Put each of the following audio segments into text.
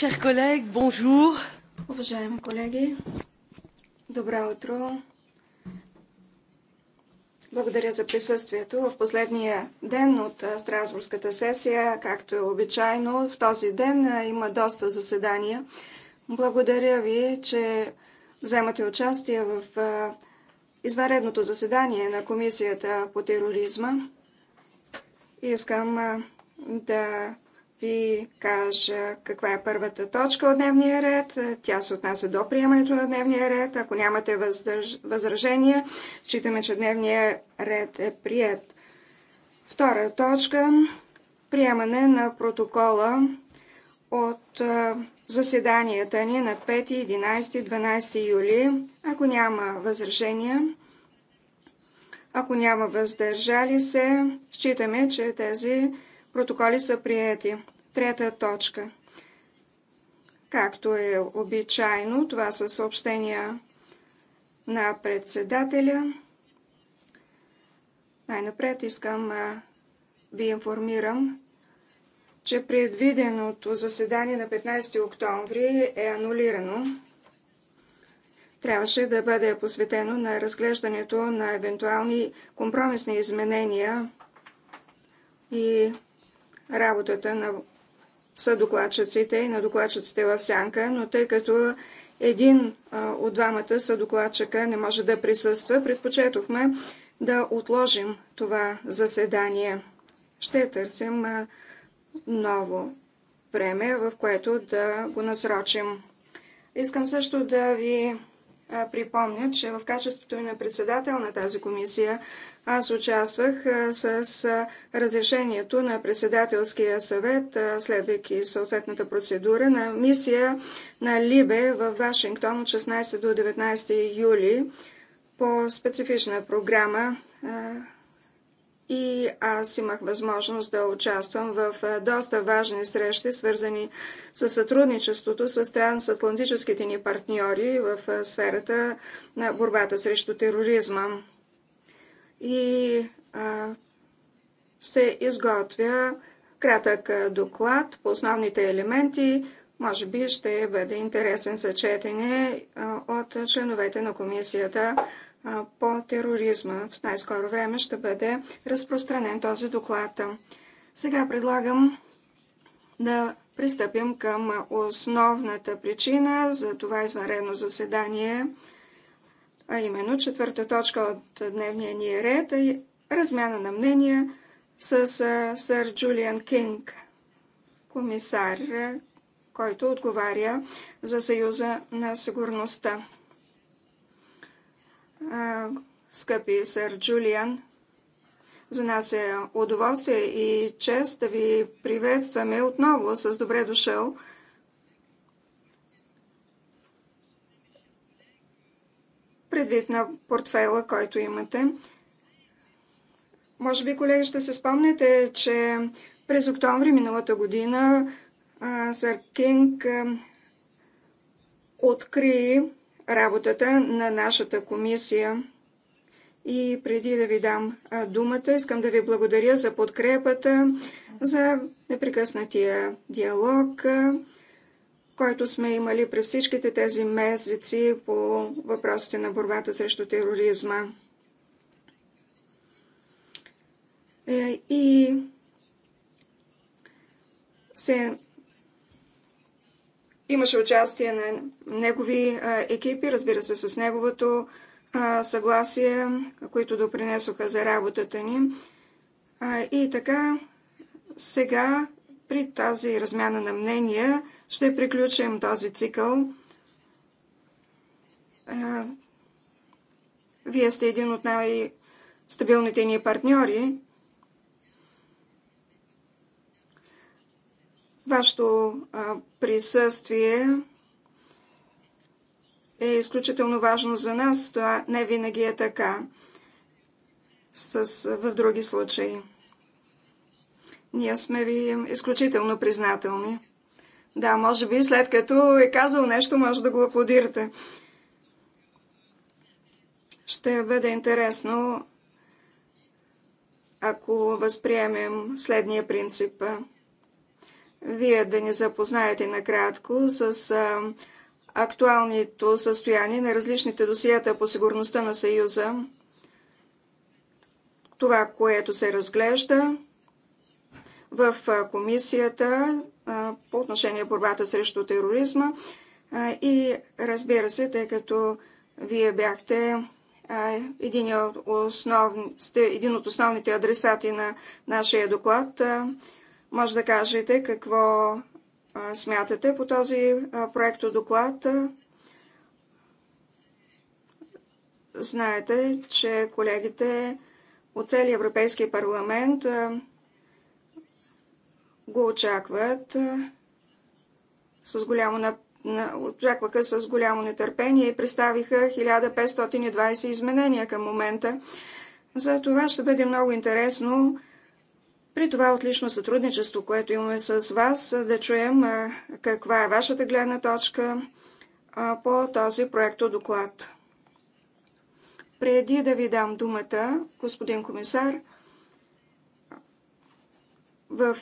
Chers collègues, bonjour. Уважаеми колеги, добро утро. Благодаря за присъствието в последния ден от Страсбургската сесия, както е обичайно. В този ден има доста заседания. Благодаря ви, че вземате участие в извънредното заседание на Комисията по тероризма. Искам да ви кажа каква е първата точка от дневния ред. Тя се отнася до приемането на дневния ред. Ако нямате въздърж... възражения, считаме, че дневния ред е прият. Втора точка приемане на протокола от заседанията ни на 5, 11, 12 юли. Ако няма възражения, ако няма въздържали се, считаме, че тези протоколи са приети. Трета точка. Както е обичайно, това са съобщения на председателя. Най-напред искам а, ви информирам, че предвиденото заседание на 15 октомври е анулирано. Трябваше да бъде посветено на разглеждането на евентуални компромисни изменения и работата на са докладчиците и на докладчиците в сянка, но тъй като един от двамата са докладчика не може да присъства, предпочетохме да отложим това заседание. Ще търсим ново време, в което да го насрочим. Искам също да ви припомня, че в качеството ми на председател на тази комисия аз участвах с разрешението на председателския съвет, следвайки съответната процедура, на мисия на Либе в Вашингтон от 16 до 19 юли по специфична програма и аз имах възможност да участвам в доста важни срещи, свързани с сътрудничеството с трансатлантическите ни партньори в сферата на борбата срещу тероризма и а, се изготвя кратък доклад по основните елементи. Може би ще бъде интересен за четене от членовете на комисията по тероризма. В най-скоро време ще бъде разпространен този доклад. Сега предлагам да пристъпим към основната причина за това извънредно заседание – а именно четвърта точка от дневния ни ред е размяна на мнения с сър Джулиан Кинг, комисар, който отговаря за Съюза на сигурността. Скъпи сър Джулиан, за нас е удоволствие и чест да ви приветстваме отново с добре дошъл – предвид на портфела, който имате. Може би, колеги, ще се спомняте, че през октомври миналата година Сър Кинг откри работата на нашата комисия. И преди да ви дам думата, искам да ви благодаря за подкрепата, за непрекъснатия диалог, който сме имали през всичките тези месеци по въпросите на борбата срещу тероризма. Е, и се имаше участие на негови екипи, разбира се, с неговото съгласие, които допринесоха за работата ни. И така, сега при тази размяна на мнения ще приключим този цикъл. Вие сте един от най-стабилните ни партньори. Вашето присъствие е изключително важно за нас. Това не винаги е така с, в други случаи. Ние сме ви изключително признателни. Да, може би след като е казал нещо, може да го аплодирате. Ще бъде интересно, ако възприемем следния принцип. Вие да ни запознаете накратко с актуалното състояние на различните досията по сигурността на Съюза, това, което се разглежда, в комисията по отношение борбата срещу тероризма и разбира се, тъй като вие бяхте един от, един от основните адресати на нашия доклад, може да кажете какво смятате по този проекто доклад. Знаете, че колегите от целия Европейски парламент го очакват с голямо очакваха с голямо нетърпение и представиха 1520 изменения към момента. За това ще бъде много интересно при това отлично сътрудничество, което имаме с вас, да чуем каква е вашата гледна точка по този проекто доклад. Преди да ви дам думата, господин комисар, в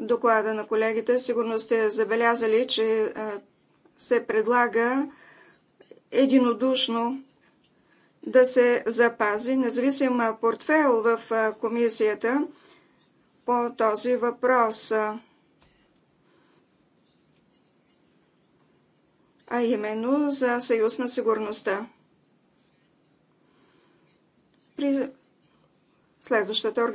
доклада на колегите сигурно сте забелязали, че се предлага единодушно да се запази независим портфел в комисията по този въпрос. а именно за Съюз на сигурността. При следващата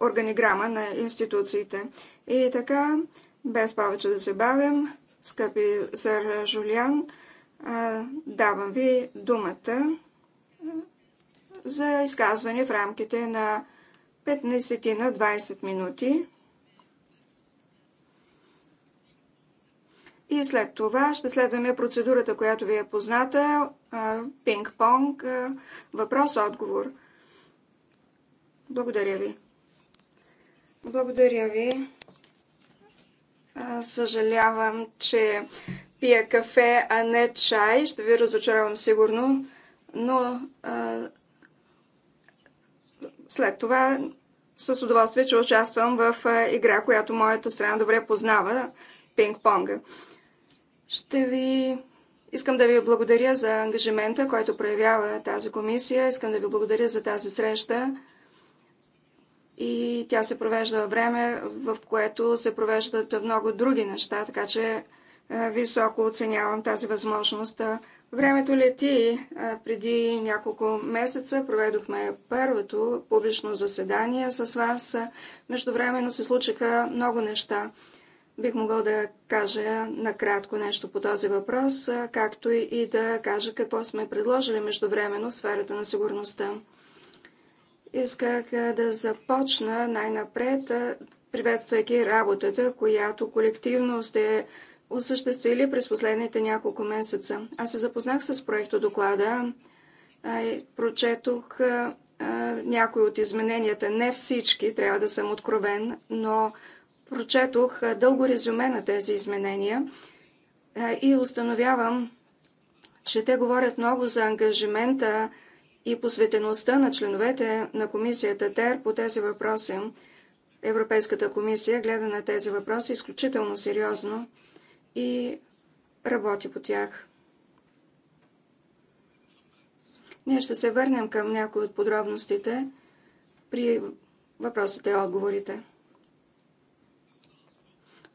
органиграма на институциите. И така, без повече да се бавим, скъпи сър Жулиан, давам ви думата за изказване в рамките на 15 на 20 минути. И след това ще следваме процедурата, която ви е позната. Пинг-понг, въпрос-отговор. Благодаря ви. Благодаря ви. Съжалявам, че пия кафе, а не чай. Ще ви разочаровам сигурно, но а, след това с удоволствие, че участвам в игра, която моята страна добре познава пинг-понга. Ще ви. Искам да ви благодаря за ангажимента, който проявява тази комисия. Искам да ви благодаря за тази среща и тя се провежда във време, в което се провеждат много други неща, така че е, високо оценявам тази възможност. Е, времето лети. Е, преди няколко месеца проведохме първото публично заседание с вас. Междувременно се случиха много неща. Бих могъл да кажа накратко нещо по този въпрос, както и да кажа какво сме предложили междувременно в сферата на сигурността. Исках да започна най-напред, приветствайки работата, която колективно сте осъществили през последните няколко месеца. Аз се запознах с проекто доклада, прочетох някои от измененията, не всички, трябва да съм откровен, но прочетох дълго резюме на тези изменения и установявам, че те говорят много за ангажимента и посветеността на членовете на комисията ТЕР по тези въпроси. Европейската комисия гледа на тези въпроси изключително сериозно и работи по тях. Ние ще се върнем към някои от подробностите при въпросите и отговорите.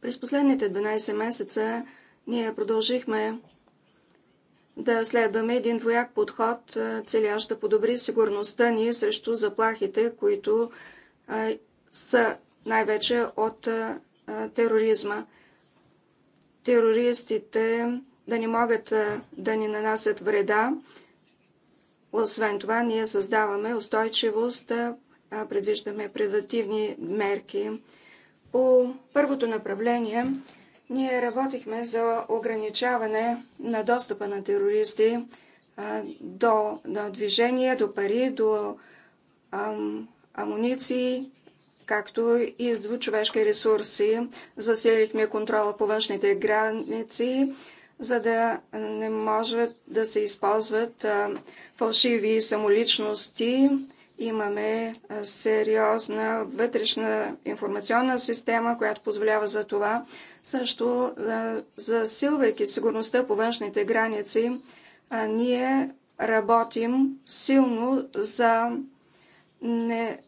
През последните 12 месеца ние продължихме да следваме един двояк подход, целящ да подобри сигурността ни срещу заплахите, които са най-вече от тероризма. Терористите да не могат да ни нанасят вреда. Освен това, ние създаваме устойчивост, предвиждаме предативни мерки. По първото направление ние работихме за ограничаване на достъпа на терористи до, до движение, до пари, до ам, амуниции, както и до човешки ресурси. Засилихме контрола по външните граници, за да не може да се използват фалшиви самоличности. Имаме сериозна вътрешна информационна система, която позволява за това също, засилвайки сигурността по външните граници, ние работим силно за, не,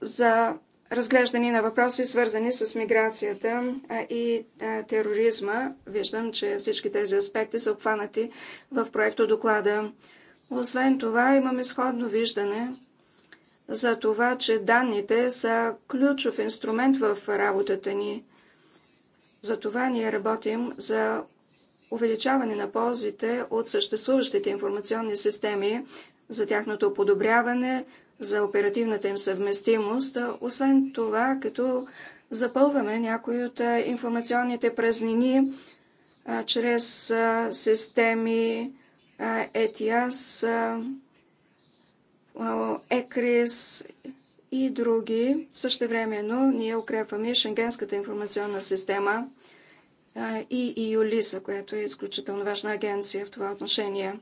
за разглеждане на въпроси, свързани с миграцията и тероризма. Виждам, че всички тези аспекти са обхванати в проекто доклада. Освен това, имаме сходно виждане за това, че данните са ключов инструмент в работата ни – затова ние работим за увеличаване на ползите от съществуващите информационни системи, за тяхното подобряване, за оперативната им съвместимост. Освен това, като запълваме някои от информационните празнини а, чрез а, системи а, ETIAS, ECRIS и други. Същевременно ние укрепваме Шенгенската информационна система и ЮЛИСА, която е изключително важна агенция в това отношение.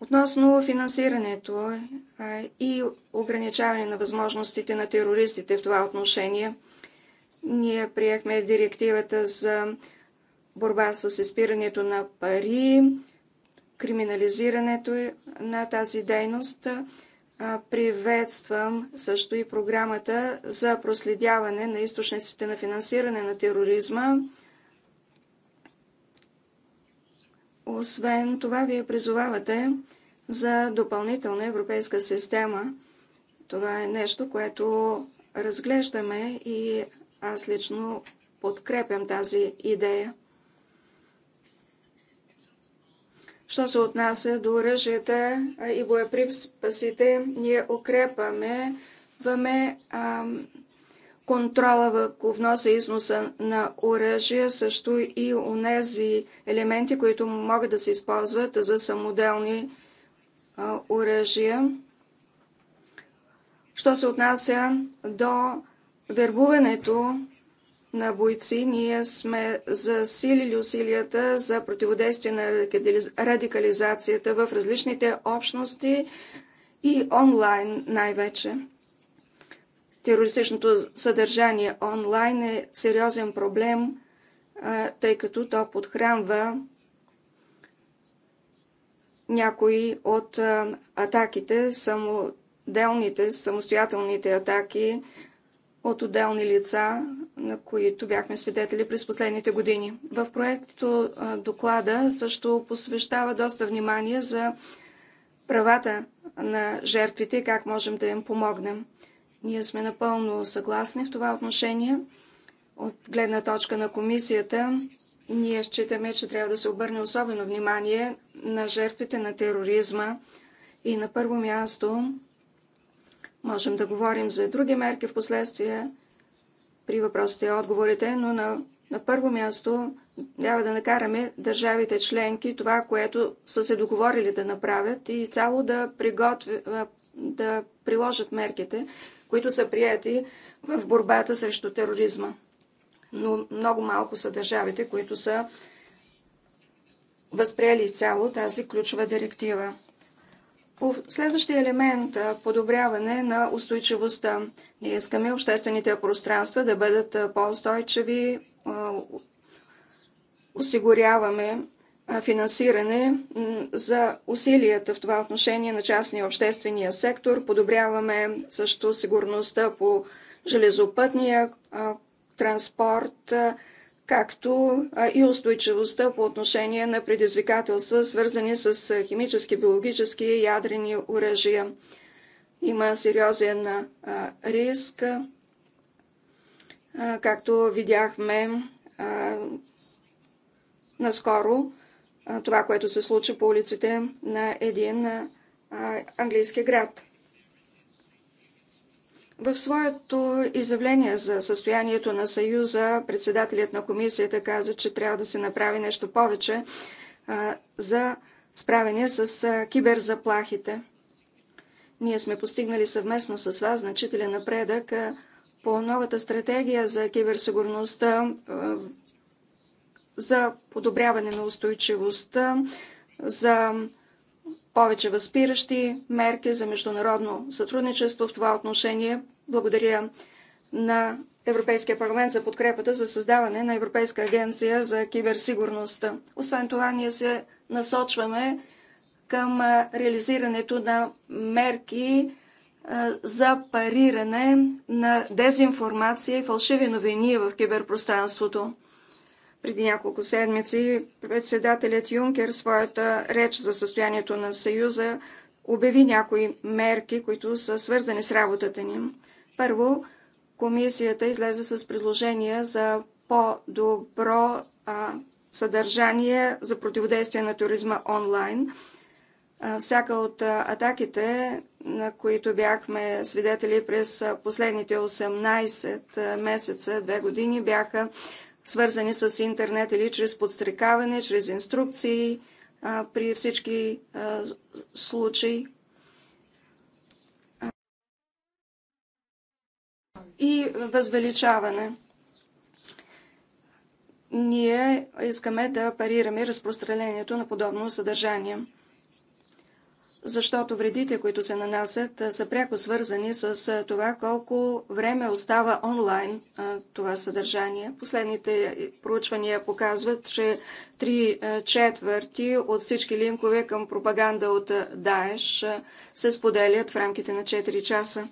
Относно финансирането и ограничаване на възможностите на терористите в това отношение, ние приехме директивата за борба с изпирането на пари, криминализирането на тази дейност – Приветствам също и програмата за проследяване на източниците на финансиране на тероризма. Освен това, вие призовавате за допълнителна европейска система. Това е нещо, което разглеждаме и аз лично подкрепям тази идея. Що се отнася до оръжията и боеприпасите, ние укрепваме въме, контрола върху вноса и износа на оръжия също и у нези елементи, които могат да се използват за самоделни оръжия. Що се отнася до вербуването на бойци, ние сме засилили усилията за противодействие на радикализацията в различните общности и онлайн най-вече. Терористичното съдържание онлайн е сериозен проблем, тъй като то подхранва някои от атаките, самоделните, самостоятелните атаки от отделни лица на които бяхме свидетели през последните години. В проекто доклада също посвещава доста внимание за правата на жертвите и как можем да им помогнем. Ние сме напълно съгласни в това отношение. От гледна точка на комисията, ние считаме, че трябва да се обърне особено внимание на жертвите на тероризма и на първо място можем да говорим за други мерки в последствие – при въпросите и отговорите, но на, на първо място трябва да накараме държавите членки това, което са се договорили да направят и цяло да, приготви, да приложат мерките, които са прияти в борбата срещу тероризма. Но много малко са държавите, които са възприели цяло тази ключова директива. Следващия елемент – подобряване на устойчивостта. Ние искаме обществените пространства да бъдат по-устойчиви. Осигуряваме финансиране за усилията в това отношение на частния обществения сектор. Подобряваме също сигурността по железопътния транспорт, както и устойчивостта по отношение на предизвикателства, свързани с химически, биологически и ядрени оръжия. Има сериозен риск, както видяхме наскоро това, което се случи по улиците на един английски град. В своето изявление за състоянието на Съюза, председателят на комисията каза, че трябва да се направи нещо повече а, за справяне с а, киберзаплахите. Ние сме постигнали съвместно с вас значителен напредък а, по новата стратегия за киберсигурността, за подобряване на устойчивостта, за повече възпиращи мерки за международно сътрудничество в това отношение. Благодаря на Европейския парламент за подкрепата за създаване на Европейска агенция за киберсигурността. Освен това, ние се насочваме към реализирането на мерки за париране на дезинформация и фалшиви новини в киберпространството. Преди няколко седмици председателят Юнкер своята реч за състоянието на Съюза обяви някои мерки, които са свързани с работата ни. Първо, комисията излезе с предложение за по-добро съдържание за противодействие на туризма онлайн. Всяка от атаките, на които бяхме свидетели през последните 18 месеца, две години, бяха свързани с интернет или чрез подстрекаване, чрез инструкции а, при всички а, случаи. И възвеличаване. Ние искаме да парираме разпространението на подобно съдържание защото вредите, които се нанасят, са пряко свързани с това колко време остава онлайн това съдържание. Последните проучвания показват, че три четвърти от всички линкове към пропаганда от Даеш се споделят в рамките на 4 часа.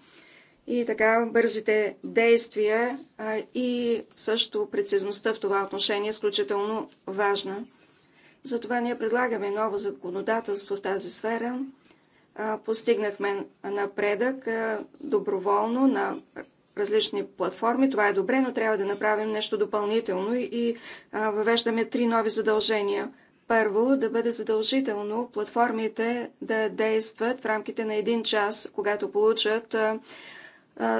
И така бързите действия и също прецизността в това отношение е изключително важна. Затова ние предлагаме ново законодателство в тази сфера – Постигнахме напредък доброволно на различни платформи. Това е добре, но трябва да направим нещо допълнително и въвеждаме три нови задължения. Първо, да бъде задължително платформите да действат в рамките на един час, когато получат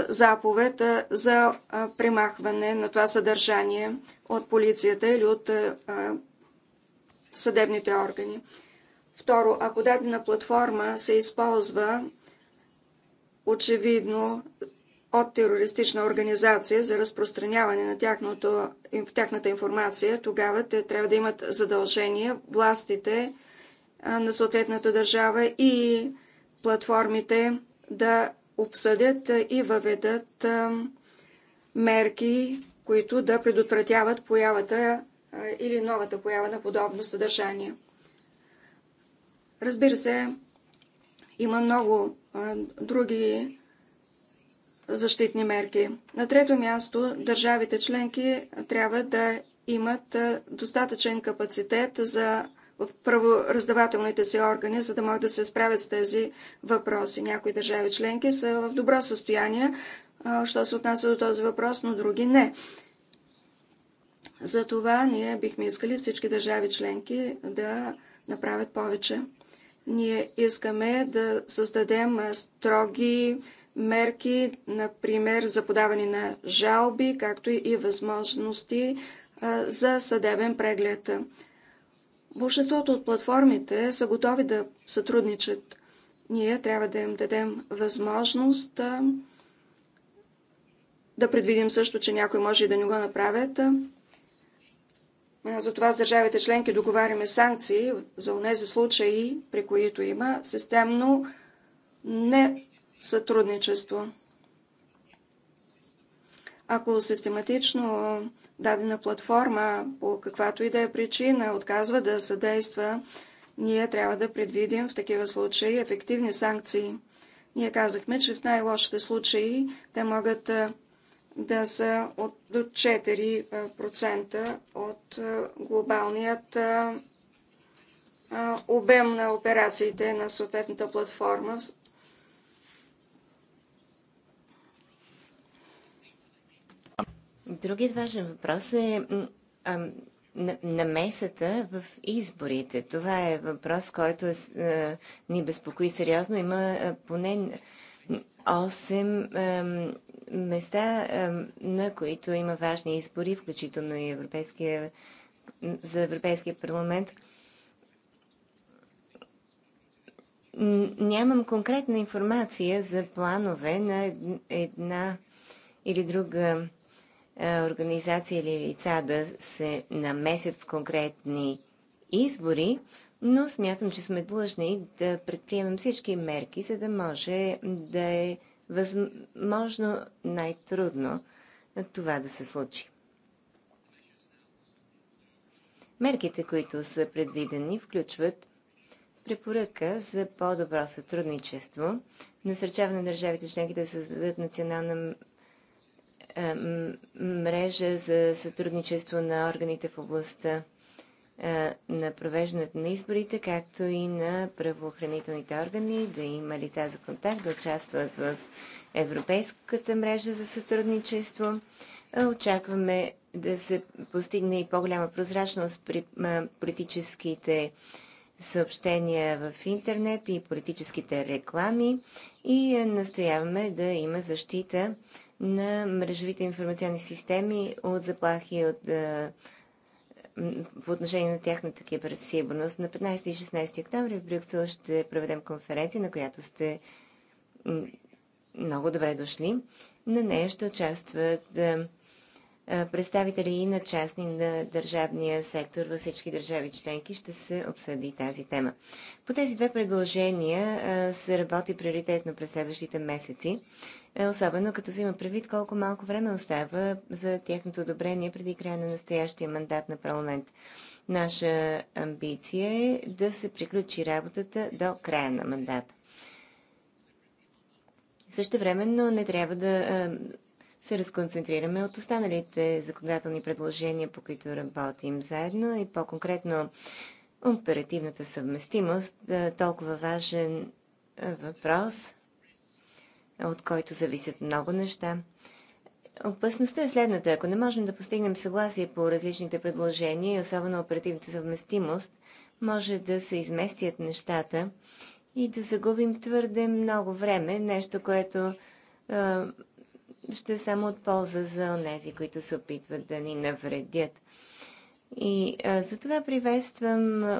заповед за премахване на това съдържание от полицията или от съдебните органи. Второ, ако дадена платформа се използва очевидно от терористична организация за разпространяване на тяхното, тяхната информация, тогава те трябва да имат задължение, властите на съответната държава и платформите да обсъдят и въведат мерки, които да предотвратяват появата или новата поява на подобно съдържание. Разбира се, има много а, други защитни мерки. На трето място, държавите членки трябва да имат достатъчен капацитет за в правораздавателните си органи, за да могат да се справят с тези въпроси. Някои държави членки са в добро състояние, що се отнася до този въпрос, но други не. Затова ние бихме искали всички държави членки да направят повече. Ние искаме да създадем строги мерки, например за подаване на жалби, както и възможности за съдебен преглед. Большинството от платформите са готови да сътрудничат. Ние трябва да им дадем възможност да предвидим също, че някой може и да не го направят. Затова с държавите членки договаряме санкции за тези случаи, при които има системно не сътрудничество. Ако систематично дадена платформа по каквато и да е причина отказва да съдейства, ние трябва да предвидим в такива случаи ефективни санкции. Ние казахме, че в най-лошите случаи те могат да са от, до 4% от глобалният обем на операциите на съответната платформа. Другият важен въпрос е намесата в изборите. Това е въпрос, който е ни безпокои сериозно. Има поне 8 места, на които има важни избори, включително и Европейския, за Европейския парламент. Нямам конкретна информация за планове на една или друга организация или лица да се намесят в конкретни избори, но смятам, че сме длъжни да предприемем всички мерки, за да може да е възможно най-трудно това да се случи. Мерките, които са предвидени, включват препоръка за по-добро сътрудничество, насърчаване на държавите членки да създадат национална мрежа за сътрудничество на органите в областта на провеждането на изборите, както и на правоохранителните органи, да има лица за контакт, да участват в Европейската мрежа за сътрудничество. Очакваме да се постигне и по-голяма прозрачност при политическите съобщения в интернет и политическите реклами и настояваме да има защита на мрежовите информационни системи от заплахи от по отношение на тяхната киберсигурност. На 15 и 16 октомври в Брюксел ще проведем конференция, на която сте много добре дошли. На нея ще участват представители и на частни на държавния сектор във всички държави членки ще се обсъди тази тема. По тези две предложения се работи приоритетно през следващите месеци. Е, особено като се има предвид колко малко време остава за тяхното одобрение преди края на настоящия мандат на парламент. Наша амбиция е да се приключи работата до края на мандата. Също времено не трябва да е, се разконцентрираме от останалите законодателни предложения, по които работим заедно и по-конкретно оперативната съвместимост, е, толкова важен въпрос – от който зависят много неща. Опасността е следната. Ако не можем да постигнем съгласие по различните предложения и особено оперативната съвместимост, може да се изместят нещата и да загубим твърде много време, нещо, което е, ще е само от полза за онези, които се опитват да ни навредят. И е, затова приветствам е,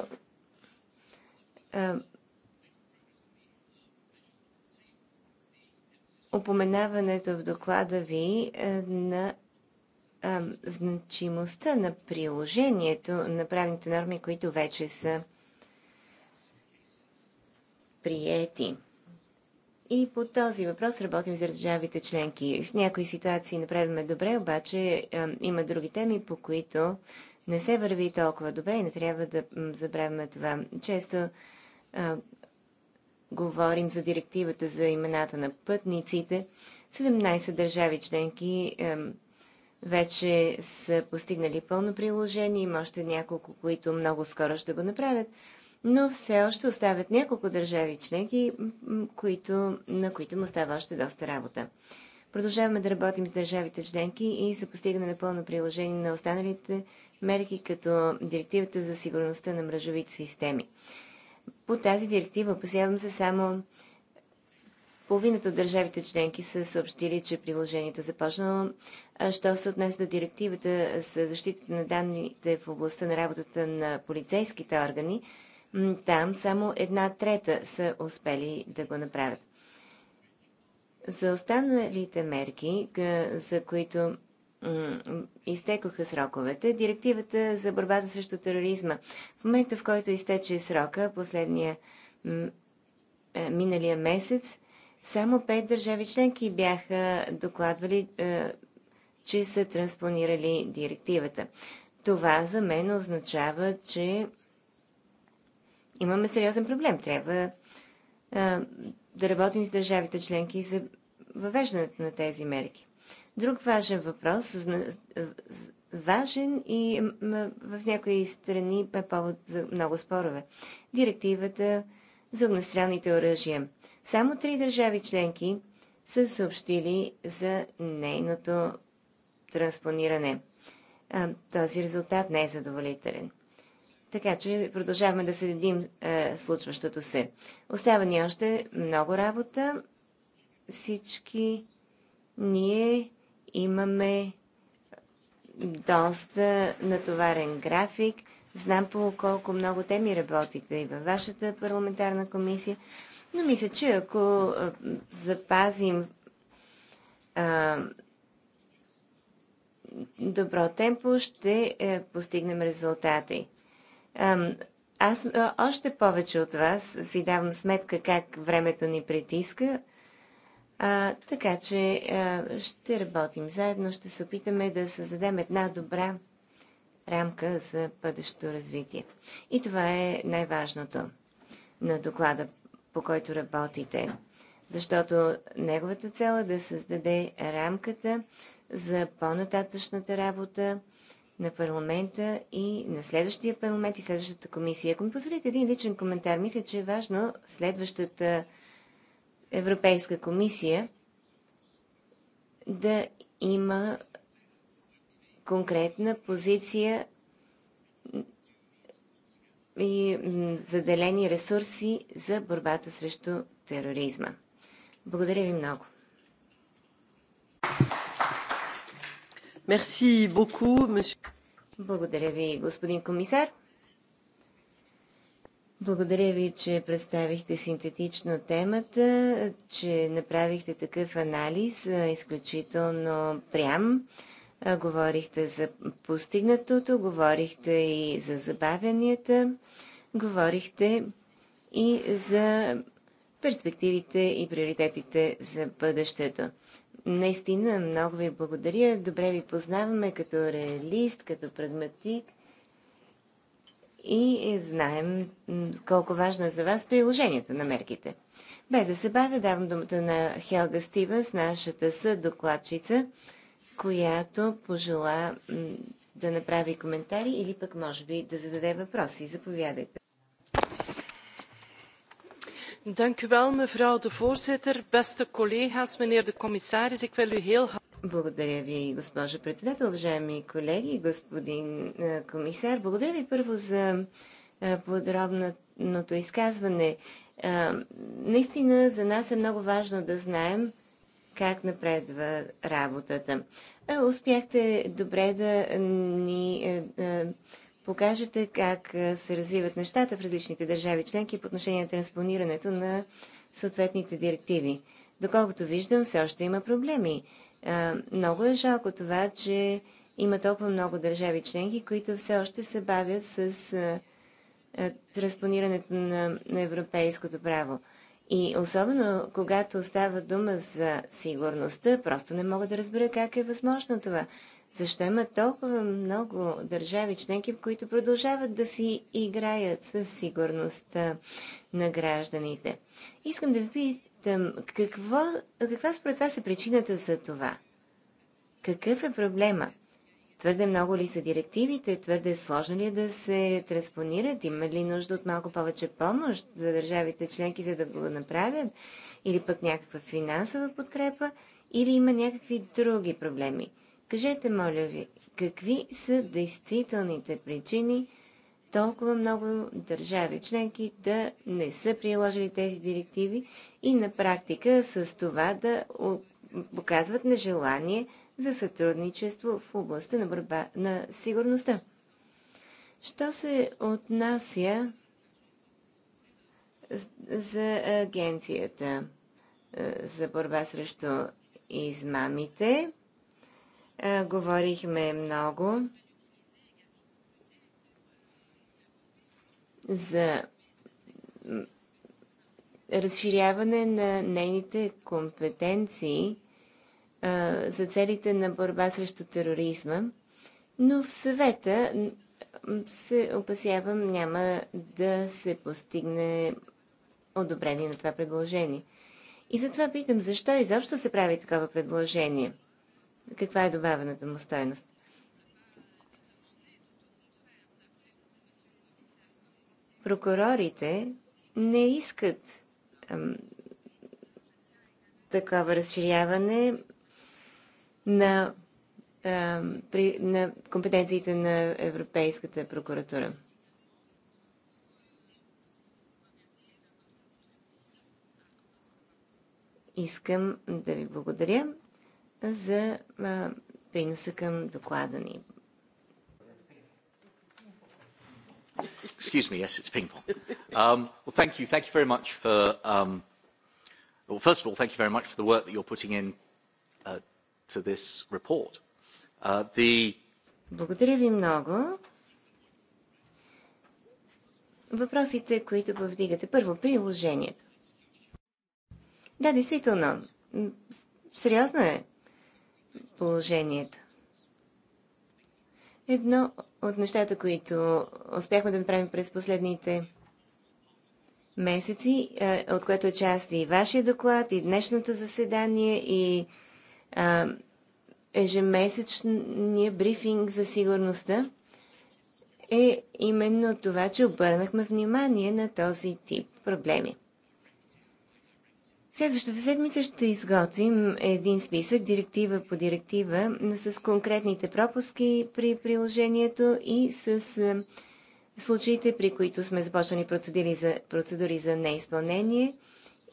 упоменаването в доклада ви е, на а, значимостта на приложението на правните норми, които вече са приети. И по този въпрос работим за държавите членки. В някои ситуации направиме добре, обаче а, има други теми, по които не се върви толкова добре и не трябва да забравяме това. Често говорим за директивата за имената на пътниците, 17 държави членки е, вече са постигнали пълно приложение. Има още няколко, които много скоро ще го направят. Но все още оставят няколко държави членки, които, на които му остава още доста работа. Продължаваме да работим с държавите членки и за постигане на пълно приложение на останалите мерки, като директивата за сигурността на мрежовите системи по тази директива, опасявам се, само половината от държавите членки са съобщили, че приложението е започнало. Що се отнесе до директивата за защитата на данните в областта на работата на полицейските органи, там само една трета са успели да го направят. За останалите мерки, за които изтекоха сроковете. Директивата за борбата срещу тероризма. В момента, в който изтече срока, последния е, миналия месец, само пет държави членки бяха докладвали, е, че са транспонирали директивата. Това за мен означава, че имаме сериозен проблем. Трябва е, да работим с държавите членки за въвеждането на тези мерки. Друг важен въпрос, е, важен и в някои страни е повод за много спорове. Директивата за огнестрелните оръжия. Само три държави членки са съобщили за нейното транспониране. Този резултат не е задоволителен. Така че продължаваме да следим е, случващото се. Остава ни още много работа. Всички ние Имаме доста натоварен график. Знам по колко много теми работите и във вашата парламентарна комисия, но мисля, че ако запазим а, добро темпо, ще а, е, постигнем резултати. А, аз още повече от вас си давам сметка как времето ни притиска. А, така че а, ще работим заедно, ще се опитаме да създадем една добра рамка за бъдещето развитие. И това е най-важното на доклада, по който работите, защото неговата цел е да създаде рамката за по-нататъчната работа на парламента и на следващия парламент и следващата комисия. Ако ми позволите един личен коментар, мисля, че е важно следващата Европейска комисия да има конкретна позиция и заделени ресурси за борбата срещу тероризма. Благодаря ви много. Благодаря ви, господин комисар. Благодаря ви, че представихте синтетично темата, че направихте такъв анализ, изключително прям. Говорихте за постигнатото, говорихте и за забавянията, говорихте и за перспективите и приоритетите за бъдещето. Наистина, много ви благодаря. Добре ви познаваме като реалист, като прагматик и знаем колко важно е за вас приложението на мерките. Без да се бавя, давам думата на Хелга Стивенс, нашата съдокладчица, която пожела да направи коментари или пък може би да зададе въпроси. Заповядайте. Dank u wel, mevrouw de voorzitter. Beste collega's, meneer de commissaris, ik wil u heel благодаря ви, госпожа председател, уважаеми колеги, господин е, комисар. Благодаря ви първо за е, подробното изказване. Е, наистина за нас е много важно да знаем как напредва работата. Успяхте добре да ни покажете как се развиват нещата в различните държави членки по отношение на транспонирането на съответните директиви. Доколкото виждам, все още има проблеми. Много е жалко това, че има толкова много държави членки, които все още се бавят с транспонирането на, на европейското право. И особено когато става дума за сигурността, просто не мога да разбера как е възможно това. Защо има толкова много държави членки, които продължават да си играят с сигурността на гражданите? Искам да ви Тъм, какво, каква според вас е причината за това? Какъв е проблема? Твърде много ли са директивите? Твърде сложно ли е да се транспонират? Има ли нужда от малко повече помощ за държавите членки, за да го направят? Или пък някаква финансова подкрепа? Или има някакви други проблеми? Кажете, моля ви, какви са действителните причини толкова много държави членки да не са приложили тези директиви и на практика с това да показват нежелание за сътрудничество в областта на, борба, на сигурността. Що се отнася за агенцията е, за борба срещу измамите, е, говорихме много за разширяване на нейните компетенции а, за целите на борба срещу тероризма, но в съвета се опасявам няма да се постигне одобрение на това предложение. И затова питам, защо изобщо се прави такова предложение? Каква е добавената му стойност? Прокурорите не искат такова разширяване на, а, при, на компетенциите на Европейската прокуратура. Искам да ви благодаря за приноса към доклада ни. Excuse me, yes, it's ping pong. Um, well, thank you. Thank you very much for, um, well, first of all, thank you very much for the work that you're putting in uh, to this report. Uh, the... Благодаря ви много. Въпросите, които повдигате. Първо, приложението. Да, действително. Сериозно е положението. Едно от нещата, които успяхме да направим през последните месеци, е, от което е част и вашия доклад, и днешното заседание, и а, ежемесечния брифинг за сигурността, е именно това, че обърнахме внимание на този тип проблеми. Следващата седмица ще изготвим един списък, директива по директива, с конкретните пропуски при приложението и с е, случаите, при които сме започнали процедури за, процедури за неизпълнение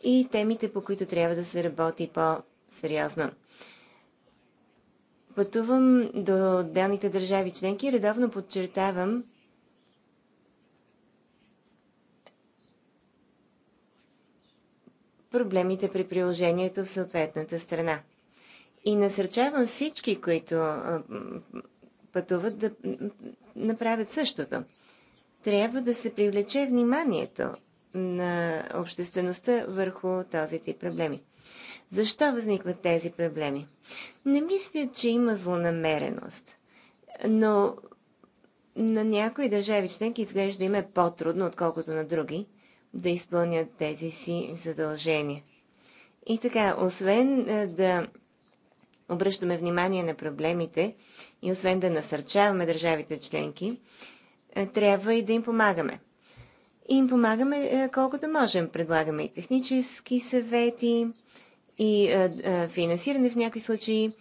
и темите, по които трябва да се работи по-сериозно. Пътувам до отделните държави членки и редовно подчертавам проблемите при приложението в съответната страна. И насърчавам всички, които пътуват, да направят същото. Трябва да се привлече вниманието на обществеността върху този тип проблеми. Защо възникват тези проблеми? Не мисля, че има злонамереност, но на някои държави членки изглежда им е по-трудно, отколкото на други – да изпълнят тези си задължения. И така, освен е, да обръщаме внимание на проблемите и освен да насърчаваме държавите членки, е, трябва и да им помагаме. И им помагаме е, колкото можем. Предлагаме и технически съвети, и финансиране в някои случаи.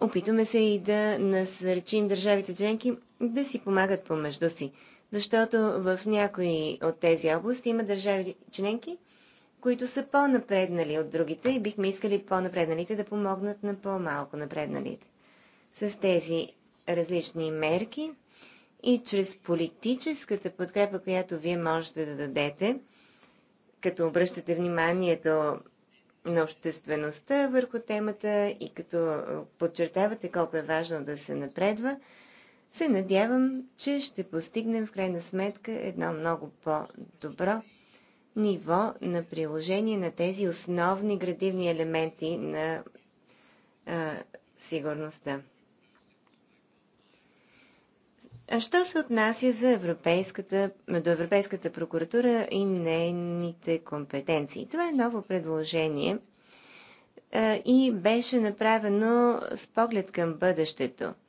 Опитваме се и да насърчим държавите членки да си помагат помежду си защото в някои от тези области има държави членки, които са по-напреднали от другите и бихме искали по-напредналите да помогнат на по-малко напредналите. С тези различни мерки и чрез политическата подкрепа, която вие можете да дадете, като обръщате вниманието на обществеността върху темата и като подчертавате колко е важно да се напредва, се надявам, че ще постигнем в крайна сметка едно много по-добро ниво на приложение на тези основни градивни елементи на а, сигурността. А що се отнася за европейската, до Европейската прокуратура и нейните компетенции? Това е ново предложение а, и беше направено с поглед към бъдещето –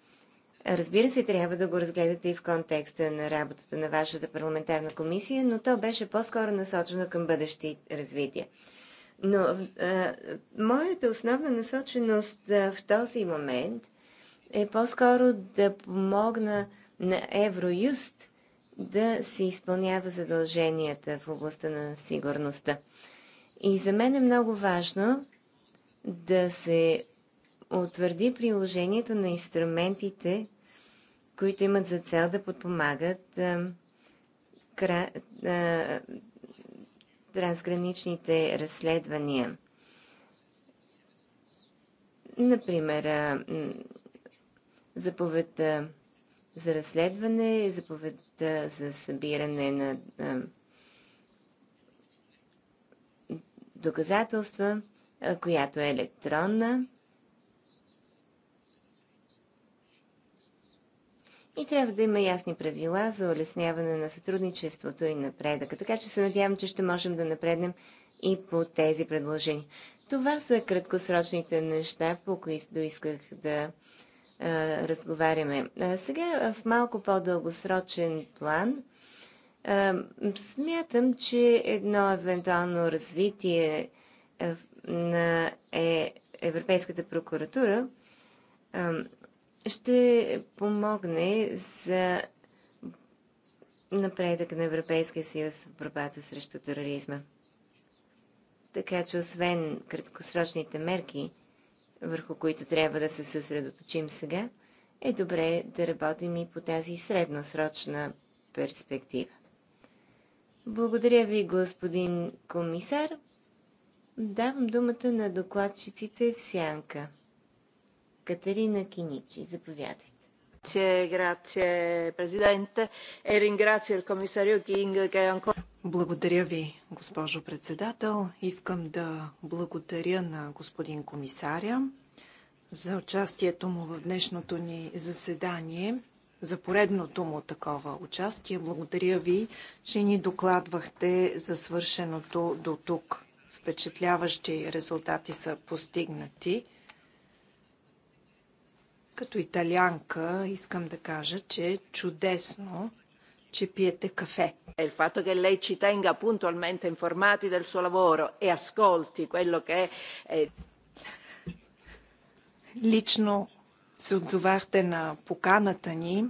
Разбира се, трябва да го разгледате и в контекста на работата на вашата парламентарна комисия, но то беше по-скоро насочено към бъдещи развития. Но а, моята основна насоченост а, в този момент е по-скоро да помогна на Евроюст да си изпълнява задълженията в областта на сигурността. И за мен е много важно да се утвърди приложението на инструментите, които имат за цел да подпомагат а, кра, а, трансграничните разследвания. Например, а, заповедта за разследване, заповедта за събиране на а, доказателства, а, която е електронна и трябва да има ясни правила за улесняване на сътрудничеството и напредъка. Така че се надявам, че ще можем да напреднем и по тези предложения. Това са краткосрочните неща, по които исках да а, разговаряме. А, сега в малко по-дългосрочен план а, смятам, че едно евентуално развитие а, на е, Европейската прокуратура а, ще помогне за напредък на Европейския съюз в борбата срещу тероризма. Така че освен краткосрочните мерки, върху които трябва да се съсредоточим сега, е добре да работим и по тази средносрочна перспектива. Благодаря ви, господин комисар. Давам думата на докладчиците в сянка. Катерина Киничи. Заповядайте. E благодаря ви, госпожо председател. Искам да благодаря на господин комисаря за участието му в днешното ни заседание, за поредното му такова участие. Благодаря ви, че ни докладвахте за свършеното до тук. Впечатляващи резултати са постигнати – като италианка искам да кажа, че е чудесно, че пиете кафе. Е, il fatto che lei ci tenga puntualmente informati del suo lavoro e ascolti quello che è... Лично се отзовахте на поканата ни,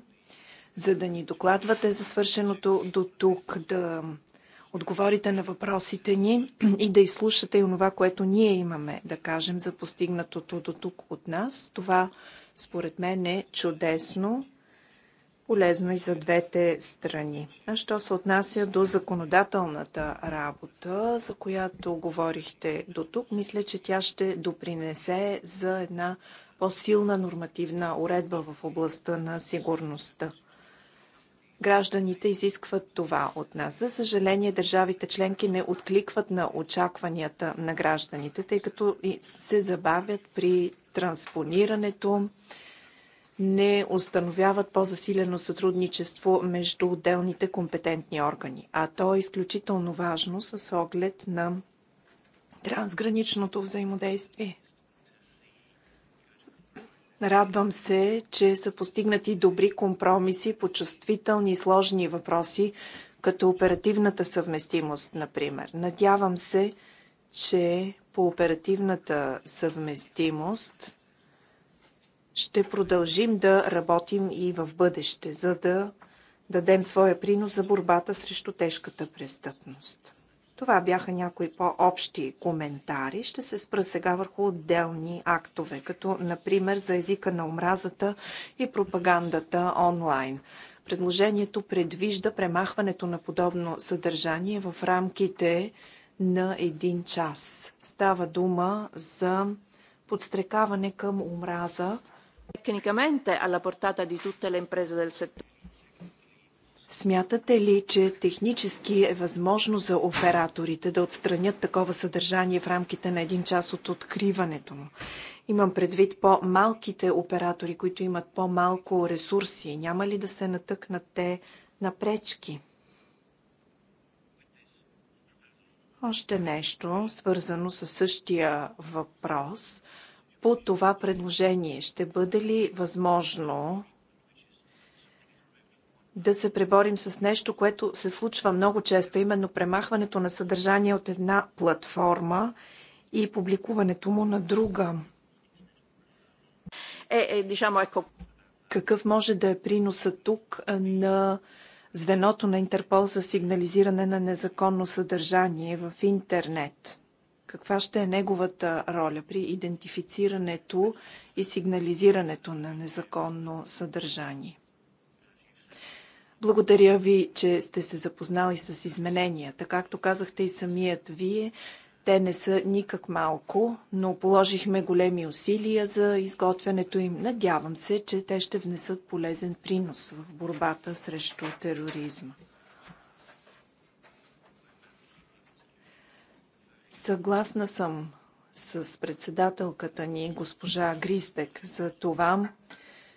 за да ни докладвате за свършеното до тук, да отговорите на въпросите ни и да изслушате и онова, което ние имаме да кажем за постигнатото до тук от нас. Това според мен е чудесно, полезно и за двете страни. А що се отнася до законодателната работа, за която говорихте до тук, мисля, че тя ще допринесе за една по-силна нормативна уредба в областта на сигурността. Гражданите изискват това от нас. За съжаление, държавите членки не откликват на очакванията на гражданите, тъй като се забавят при транспонирането не установяват по-засилено сътрудничество между отделните компетентни органи. А то е изключително важно с оглед на трансграничното взаимодействие. Радвам се, че са постигнати добри компромиси по чувствителни и сложни въпроси, като оперативната съвместимост, например. Надявам се, че по оперативната съвместимост ще продължим да работим и в бъдеще, за да дадем своя принос за борбата срещу тежката престъпност. Това бяха някои по-общи коментари. Ще се спра сега върху отделни актове, като например за езика на омразата и пропагандата онлайн. Предложението предвижда премахването на подобно съдържание в рамките на един час. Става дума за подстрекаване към омраза. Техникаменте, alla portata di tutte le imprese del settore. Смятате ли, че технически е възможно за операторите да отстранят такова съдържание в рамките на един час от откриването му? Имам предвид по-малките оператори, които имат по-малко ресурси. Няма ли да се натъкнат те на пречки? Още нещо, свързано с същия въпрос. По това предложение ще бъде ли възможно да се преборим с нещо, което се случва много често, именно премахването на съдържание от една платформа и публикуването му на друга? Е, е, дишамо, еко. Какъв може да е приноса тук на звеното на Интерпол за сигнализиране на незаконно съдържание в интернет. Каква ще е неговата роля при идентифицирането и сигнализирането на незаконно съдържание? Благодаря ви, че сте се запознали с измененията. Както казахте и самият вие, те не са никак малко, но положихме големи усилия за изготвянето им. Надявам се, че те ще внесат полезен принос в борбата срещу тероризма. Съгласна съм с председателката ни, госпожа Гризбек, за това,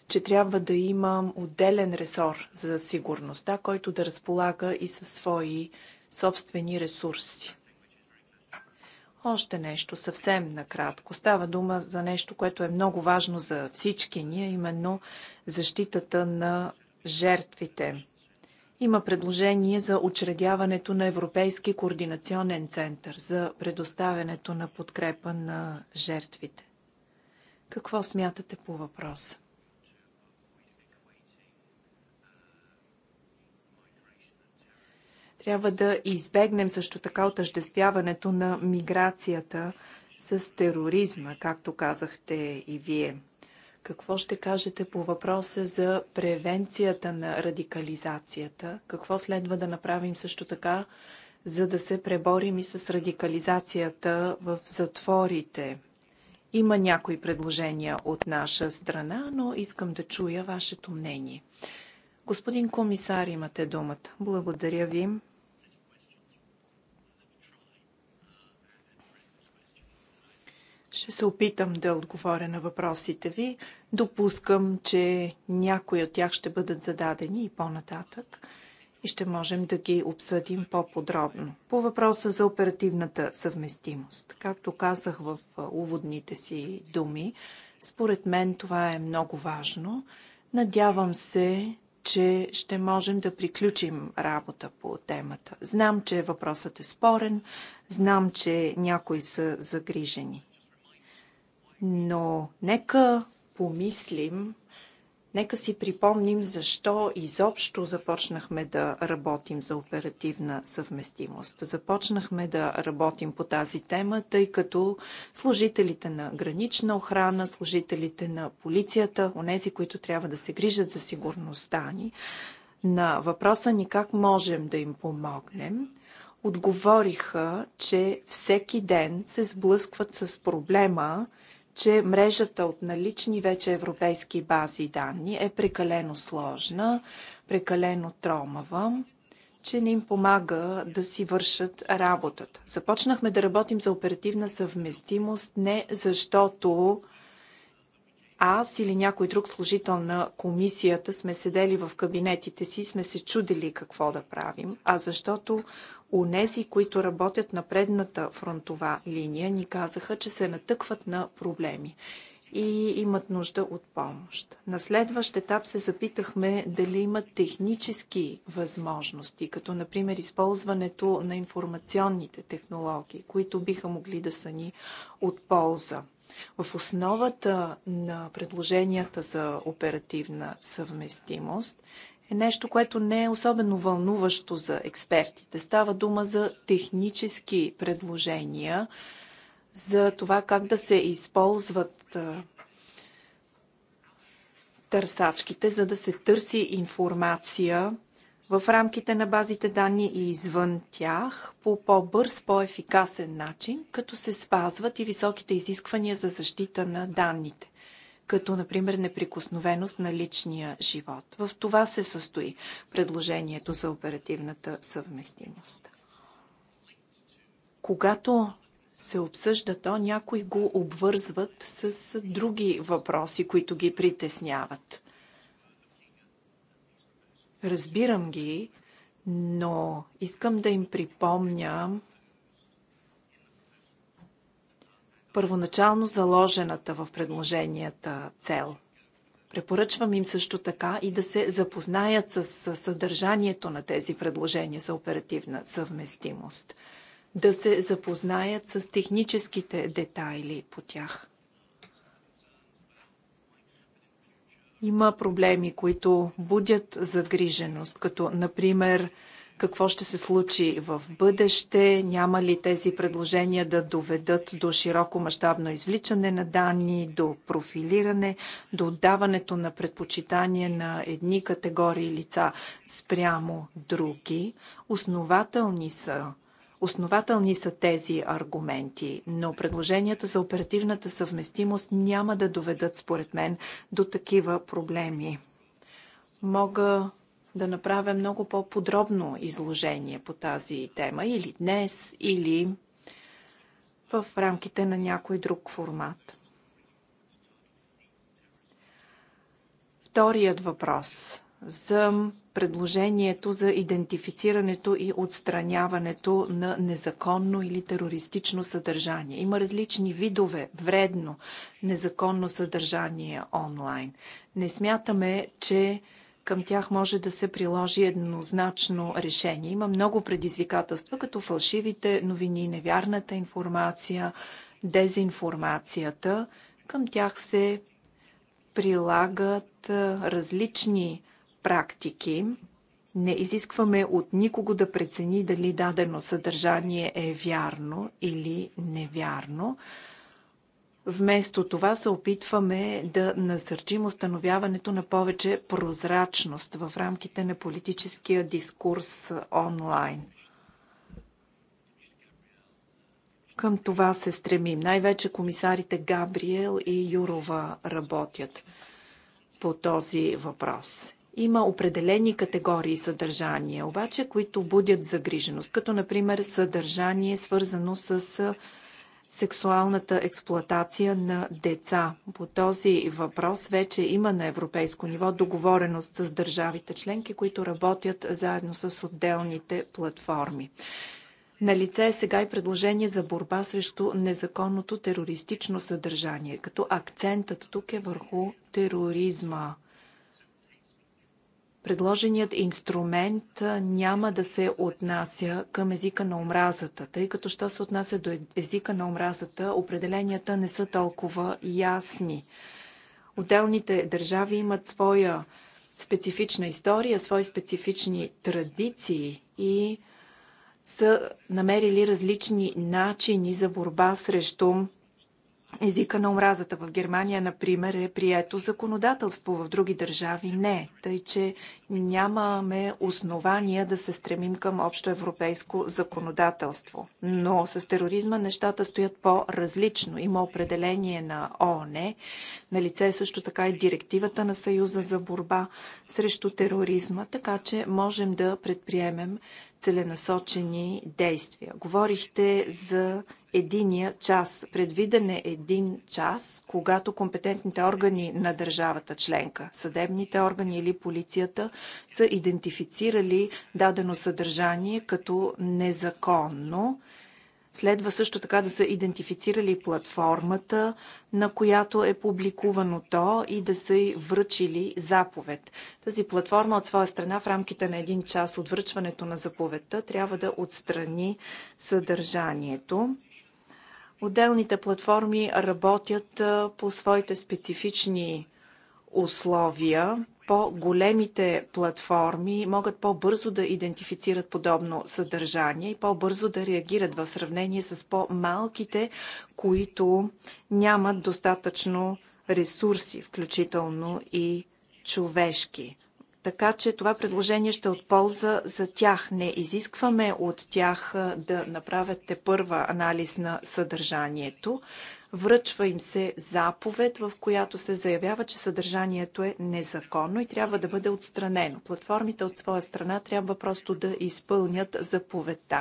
че трябва да имам отделен ресор за сигурността, който да разполага и със свои собствени ресурси. Още нещо, съвсем накратко. Става дума за нещо, което е много важно за всички ние, именно защитата на жертвите. Има предложение за учредяването на Европейски координационен център за предоставянето на подкрепа на жертвите. Какво смятате по въпроса? Трябва да избегнем също така отъждествяването на миграцията с тероризма, както казахте и вие. Какво ще кажете по въпроса за превенцията на радикализацията? Какво следва да направим също така, за да се преборим и с радикализацията в затворите? Има някои предложения от наша страна, но искам да чуя вашето мнение. Господин комисар, имате думата. Благодаря ви. Ще се опитам да отговоря на въпросите ви. Допускам, че някои от тях ще бъдат зададени и по-нататък и ще можем да ги обсъдим по-подробно. По въпроса за оперативната съвместимост. Както казах в уводните си думи, според мен това е много важно. Надявам се, че ще можем да приключим работа по темата. Знам, че въпросът е спорен, знам, че някои са загрижени. Но нека помислим, нека си припомним защо изобщо започнахме да работим за оперативна съвместимост. Започнахме да работим по тази тема, тъй като служителите на гранична охрана, служителите на полицията, онези, които трябва да се грижат за сигурността ни, на въпроса ни как можем да им помогнем, отговориха, че всеки ден се сблъскват с проблема, че мрежата от налични вече европейски бази данни е прекалено сложна, прекалено тромава, че не им помага да си вършат работата. Започнахме да работим за оперативна съвместимост не защото аз или някой друг служител на комисията сме седели в кабинетите си и сме се чудили какво да правим, а защото унези, които работят на предната фронтова линия, ни казаха, че се натъкват на проблеми и имат нужда от помощ. На следващ етап се запитахме дали имат технически възможности, като например използването на информационните технологии, които биха могли да са ни от полза. В основата на предложенията за оперативна съвместимост е нещо, което не е особено вълнуващо за експертите. Става дума за технически предложения, за това как да се използват търсачките, за да се търси информация в рамките на базите данни и извън тях по по-бърз, по-ефикасен начин, като се спазват и високите изисквания за защита на данните като, например, неприкосновеност на личния живот. В това се състои предложението за оперативната съвместимост. Когато се обсъжда то, някои го обвързват с други въпроси, които ги притесняват. Разбирам ги, но искам да им припомня първоначално заложената в предложенията цел. Препоръчвам им също така и да се запознаят с съдържанието на тези предложения за оперативна съвместимост, да се запознаят с техническите детайли по тях. Има проблеми, които будят загриженост, като например какво ще се случи в бъдеще, няма ли тези предложения да доведат до широко мащабно извличане на данни, до профилиране, до отдаването на предпочитание на едни категории лица спрямо други. Основателни са Основателни са тези аргументи, но предложенията за оперативната съвместимост няма да доведат, според мен, до такива проблеми. Мога да направя много по-подробно изложение по тази тема или днес, или в рамките на някой друг формат. Вторият въпрос за предложението за идентифицирането и отстраняването на незаконно или терористично съдържание. Има различни видове вредно незаконно съдържание онлайн. Не смятаме, че към тях може да се приложи еднозначно решение. Има много предизвикателства, като фалшивите новини, невярната информация, дезинформацията. Към тях се прилагат различни практики. Не изискваме от никого да прецени дали дадено съдържание е вярно или невярно. Вместо това се опитваме да насърчим установяването на повече прозрачност в рамките на политическия дискурс онлайн. Към това се стремим. Най-вече комисарите Габриел и Юрова работят по този въпрос. Има определени категории съдържания, обаче, които будят загриженост, като например съдържание, свързано с сексуалната експлоатация на деца. По този въпрос вече има на европейско ниво договореност с държавите членки, които работят заедно с отделните платформи. На лице е сега и предложение за борба срещу незаконното терористично съдържание, като акцентът тук е върху тероризма – предложеният инструмент няма да се отнася към езика на омразата, тъй като що се отнася до е-, езика на омразата, определенията не са толкова ясни. Отделните държави имат своя специфична история, свои специфични традиции и са намерили различни начини за борба срещу езика на омразата. В Германия, например, е прието законодателство, в други държави не. Тъй, че нямаме основания да се стремим към общо европейско законодателство. Но с тероризма нещата стоят по-различно. Има определение на ООН. На лице е също така и директивата на Съюза за борба срещу тероризма, така че можем да предприемем целенасочени действия. Говорихте за единия час. Предвиден е един час, когато компетентните органи на държавата членка, съдебните органи или полицията са идентифицирали дадено съдържание като незаконно Следва също така да са идентифицирали платформата, на която е публикувано то и да са й връчили заповед. Тази платформа от своя страна в рамките на един час от връчването на заповедта трябва да отстрани съдържанието. Отделните платформи работят по своите специфични условия по-големите платформи могат по-бързо да идентифицират подобно съдържание и по-бързо да реагират в сравнение с по-малките, които нямат достатъчно ресурси, включително и човешки. Така че това предложение ще е от полза за тях. Не изискваме от тях да направят те първа анализ на съдържанието. Връчва им се заповед, в която се заявява, че съдържанието е незаконно и трябва да бъде отстранено. Платформите от своя страна трябва просто да изпълнят заповедта.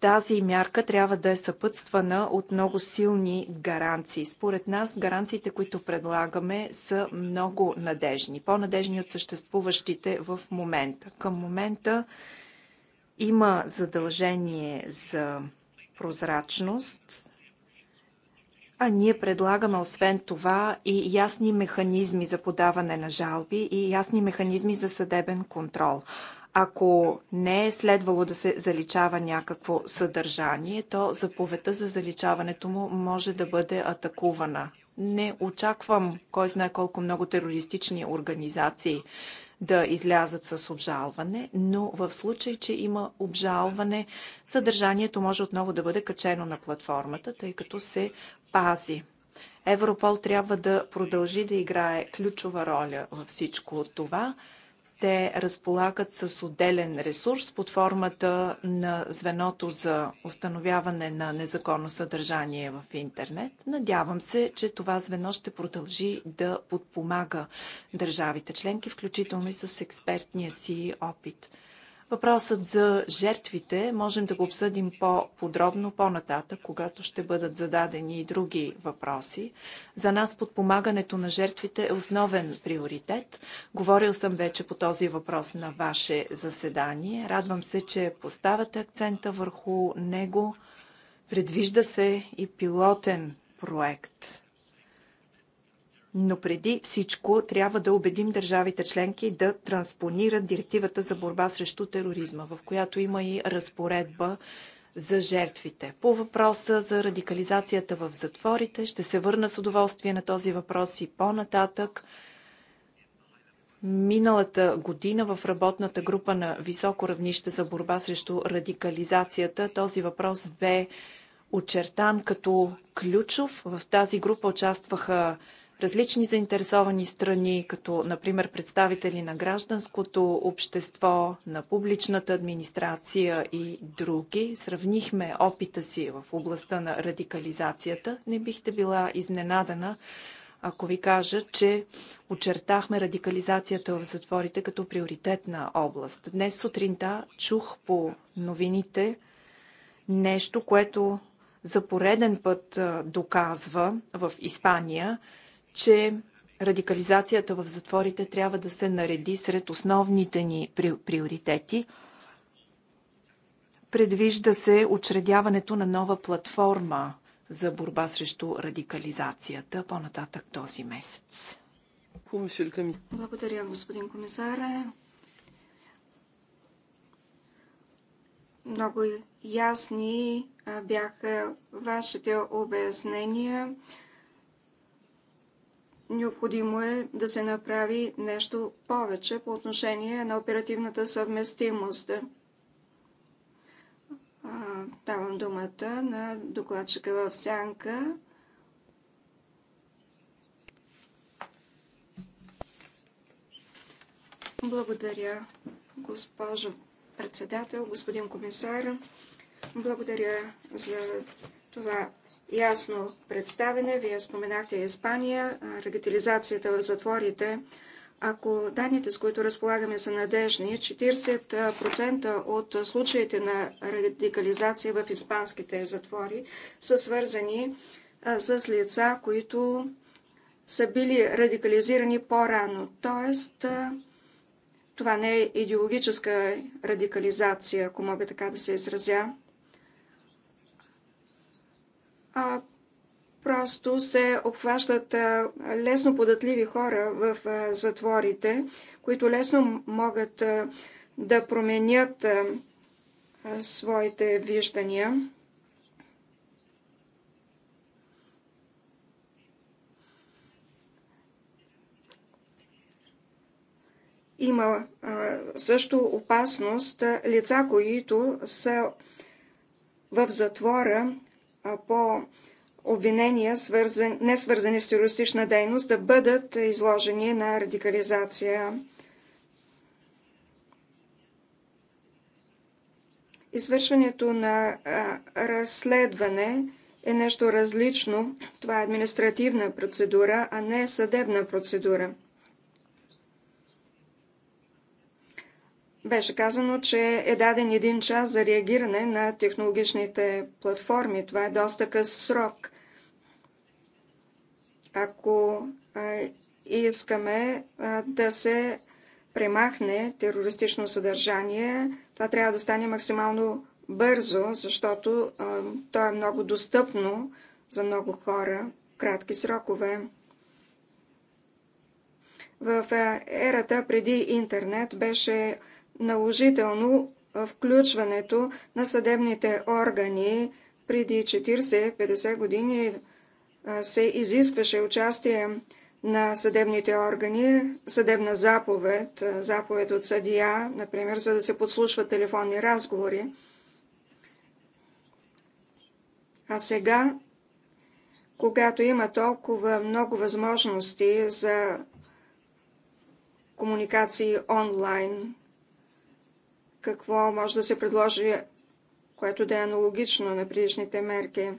Тази мярка трябва да е съпътствана от много силни гаранции. Според нас гаранциите, които предлагаме, са много надежни, по-надежни от съществуващите в момента. Към момента има задължение за прозрачност, а ние предлагаме освен това и ясни механизми за подаване на жалби и ясни механизми за съдебен контрол. Ако не е следвало да се заличава някакво съдържание, то заповедта за заличаването му може да бъде атакувана. Не очаквам кой знае колко много терористични организации да излязат с обжалване, но в случай, че има обжалване, съдържанието може отново да бъде качено на платформата, тъй като се пази. Европол трябва да продължи да играе ключова роля във всичко това. Те разполагат с отделен ресурс под формата на звеното за установяване на незаконно съдържание в интернет. Надявам се, че това звено ще продължи да подпомага държавите членки, включително и с експертния си опит. Въпросът за жертвите можем да го обсъдим по-подробно по-нататък, когато ще бъдат зададени и други въпроси. За нас подпомагането на жертвите е основен приоритет. Говорил съм вече по този въпрос на ваше заседание. Радвам се, че поставяте акцента върху него. Предвижда се и пилотен проект но преди всичко трябва да убедим държавите членки да транспонират директивата за борба срещу тероризма, в която има и разпоредба за жертвите. По въпроса за радикализацията в затворите ще се върна с удоволствие на този въпрос и по-нататък. Миналата година в работната група на високо равнище за борба срещу радикализацията този въпрос бе очертан като ключов. В тази група участваха различни заинтересовани страни, като например представители на гражданското общество, на публичната администрация и други. Сравнихме опита си в областта на радикализацията. Не бихте била изненадана, ако ви кажа, че очертахме радикализацията в затворите като приоритетна област. Днес сутринта чух по новините нещо, което за пореден път доказва в Испания, че радикализацията в затворите трябва да се нареди сред основните ни приоритети. Предвижда се учредяването на нова платформа за борба срещу радикализацията по-нататък този месец. Благодаря, господин комисар. Много ясни бяха вашите обяснения. Необходимо е да се направи нещо повече по отношение на оперативната съвместимост. Давам думата на докладчика в сянка. Благодаря, госпожо председател, господин комисар. Благодаря за това ясно представене. Вие споменахте Испания, регатилизацията в затворите. Ако данните, с които разполагаме, са надежни, 40% от случаите на радикализация в испанските затвори са свързани с лица, които са били радикализирани по-рано. Тоест, това не е идеологическа радикализация, ако мога така да се изразя а просто се обхващат лесно податливи хора в затворите, които лесно могат да променят своите виждания. Има също опасност лица, които са в затвора по обвинения, свързан, не свързани с терористична дейност, да бъдат изложени на радикализация. Извършването на а, разследване е нещо различно. Това е административна процедура, а не съдебна процедура. Беше казано, че е даден един час за реагиране на технологичните платформи. Това е доста къс срок. Ако искаме да се премахне терористично съдържание, това трябва да стане максимално бързо, защото то е много достъпно за много хора, кратки срокове. В ерата преди интернет беше наложително включването на съдебните органи. Преди 40-50 години се изискваше участие на съдебните органи, съдебна заповед, заповед от съдия, например, за да се подслушват телефонни разговори. А сега, когато има толкова много възможности за комуникации онлайн, какво може да се предложи, което да е аналогично на предишните мерки.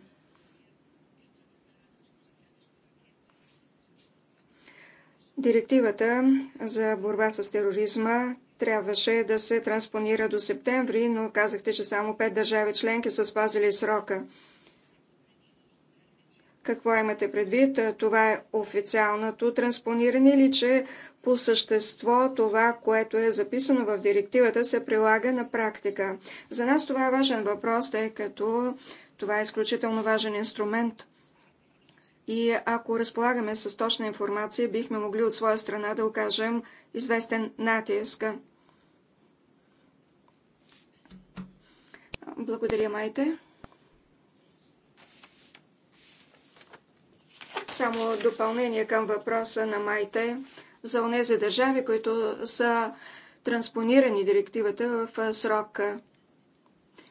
Директивата за борба с тероризма трябваше да се транспонира до септември, но казахте, че само пет държави членки са спазили срока. Какво имате предвид? Това е официалното транспониране или че по същество това, което е записано в директивата, се прилага на практика. За нас това е важен въпрос, тъй като това е изключително важен инструмент. И ако разполагаме с точна информация, бихме могли от своя страна да окажем известен натиск. Благодаря, Майте. Само допълнение към въпроса на Майте за онези държави, които са транспонирани директивата в срока.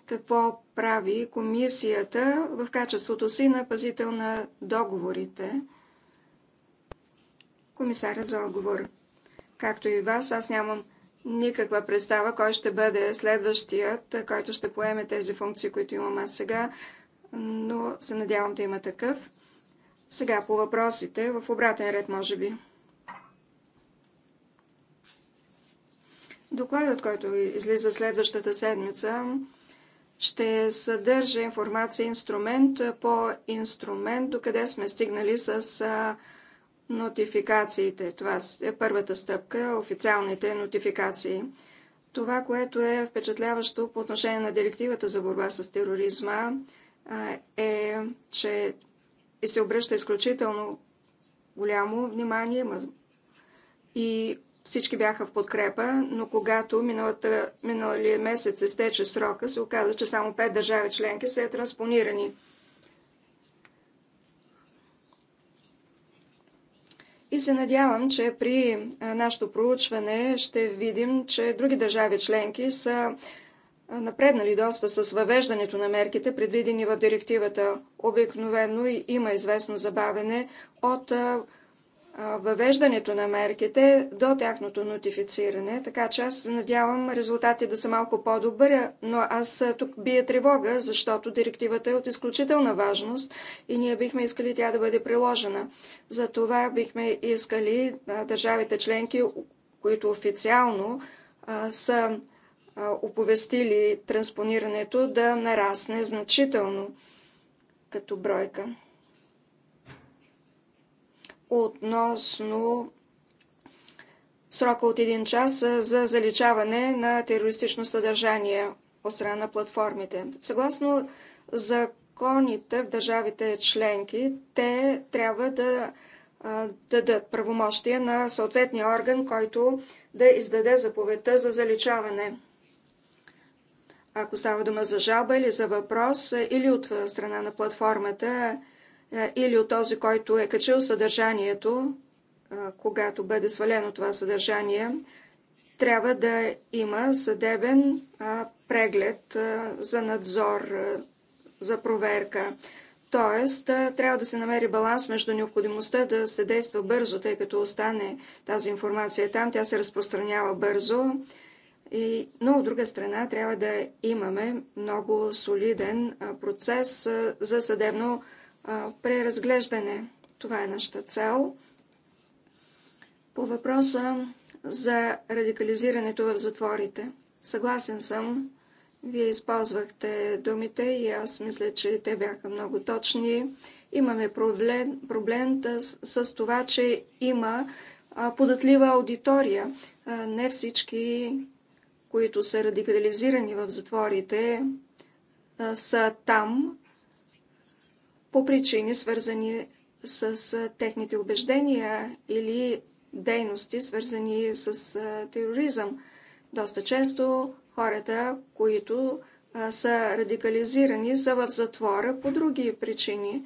Какво прави комисията в качеството си на пазител на договорите? Комисаря за отговор. Както и вас, аз нямам никаква представа кой ще бъде следващият, който ще поеме тези функции, които имам аз сега, но се надявам да има такъв. Сега по въпросите, в обратен ред, може би. Докладът, който излиза следващата седмица, ще съдържа информация инструмент по инструмент, докъде сме стигнали с нотификациите. Това е първата стъпка, официалните нотификации. Това, което е впечатляващо по отношение на директивата за борба с тероризма, е, че се обръща изключително голямо внимание и всички бяха в подкрепа, но когато миналата, миналия месец изтече срока, се оказа, че само пет държави членки са е транспонирани. И се надявам, че при нашето проучване ще видим, че други държави членки са напреднали доста с въвеждането на мерките, предвидени в директивата. Обикновено има известно забавене от въвеждането на мерките до тяхното нотифициране, така че аз надявам резултатите да са малко по-добри, но аз тук бия тревога, защото директивата е от изключителна важност и ние бихме искали тя да бъде приложена. За това бихме искали държавите членки, които официално са оповестили транспонирането, да нарасне значително като бройка относно срока от един час за заличаване на терористично съдържание от страна на платформите. Съгласно законите в държавите членки, те трябва да дадат правомощия на съответния орган, който да издаде заповедта за заличаване. Ако става дума за жалба или за въпрос, или от страна на платформата, е, или от този, който е качил съдържанието, е, когато бъде свалено това съдържание, трябва да има съдебен преглед за надзор, за проверка. Тоест, трябва да се намери баланс между необходимостта да се действа бързо, тъй като остане тази информация там, тя се разпространява бързо. И, но от друга страна трябва да имаме много солиден процес за съдебно преразглеждане. Това е нашата цел. По въпроса за радикализирането в затворите. Съгласен съм. Вие използвахте думите и аз мисля, че те бяха много точни. Имаме проблем, проблем с, с това, че има податлива аудитория. Не всички, които са радикализирани в затворите, са там по причини свързани с техните убеждения или дейности, свързани с тероризъм. Доста често хората, които са радикализирани, са в затвора по други причини.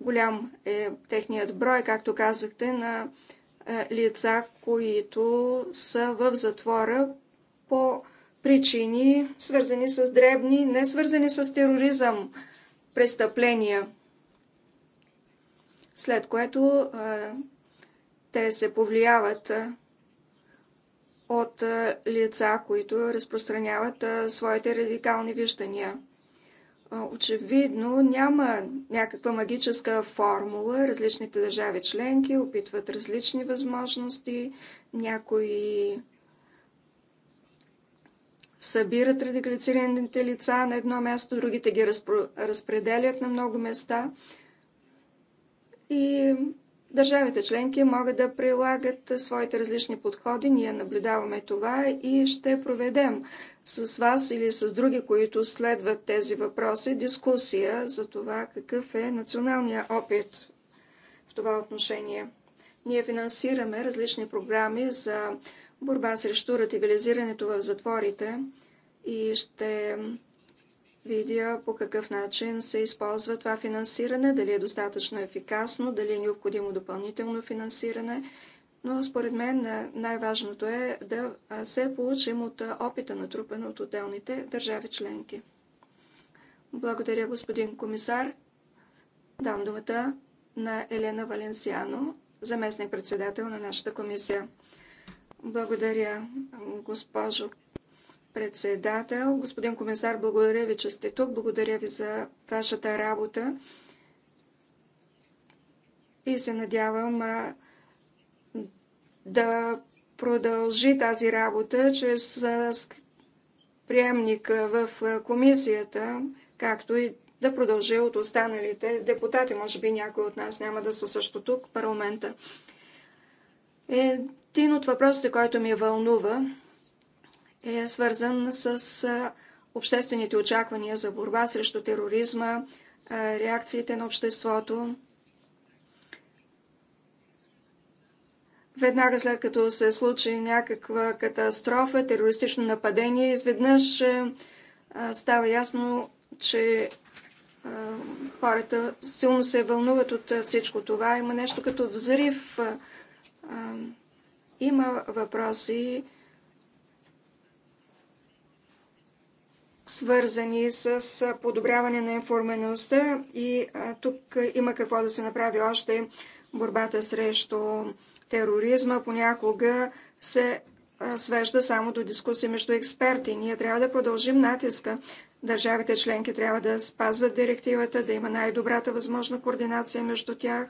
Голям е техният брой, както казахте, на лица, които са в затвора по причини, свързани с дребни, не свързани с тероризъм престъпления, след което те се повлияват от лица, които разпространяват своите радикални виждания. Очевидно няма някаква магическа формула. Различните държави членки опитват различни възможности. Някои събират радикализираните лица на едно място, другите ги разпределят на много места. И държавите членки могат да прилагат своите различни подходи. Ние наблюдаваме това и ще проведем с вас или с други, които следват тези въпроси, дискусия за това какъв е националния опит в това отношение. Ние финансираме различни програми за борба срещу радикализирането в затворите и ще видя по какъв начин се използва това финансиране, дали е достатъчно ефикасно, дали е необходимо допълнително финансиране. Но според мен най-важното е да се получим от опита на трупа от отделните държави членки. Благодаря, господин комисар. Дам думата на Елена Валенсиано, заместник-председател на нашата комисия. Благодаря, госпожо председател. Господин комисар, благодаря ви, че сте тук. Благодаря ви за вашата работа. И се надявам да продължи тази работа чрез приемник в комисията, както и да продължи от останалите депутати. Може би някой от нас няма да са също тук в парламента. Е един от въпросите, който ми вълнува, е свързан с обществените очаквания за борба срещу тероризма, реакциите на обществото. Веднага след като се случи някаква катастрофа, терористично нападение, изведнъж става ясно, че хората силно се вълнуват от всичко това. Има нещо като взрив има въпроси, свързани с подобряване на информеността и тук има какво да се направи още. Борбата срещу тероризма понякога се свежда само до дискусии между експерти. Ние трябва да продължим натиска. Държавите членки трябва да спазват директивата, да има най-добрата възможна координация между тях.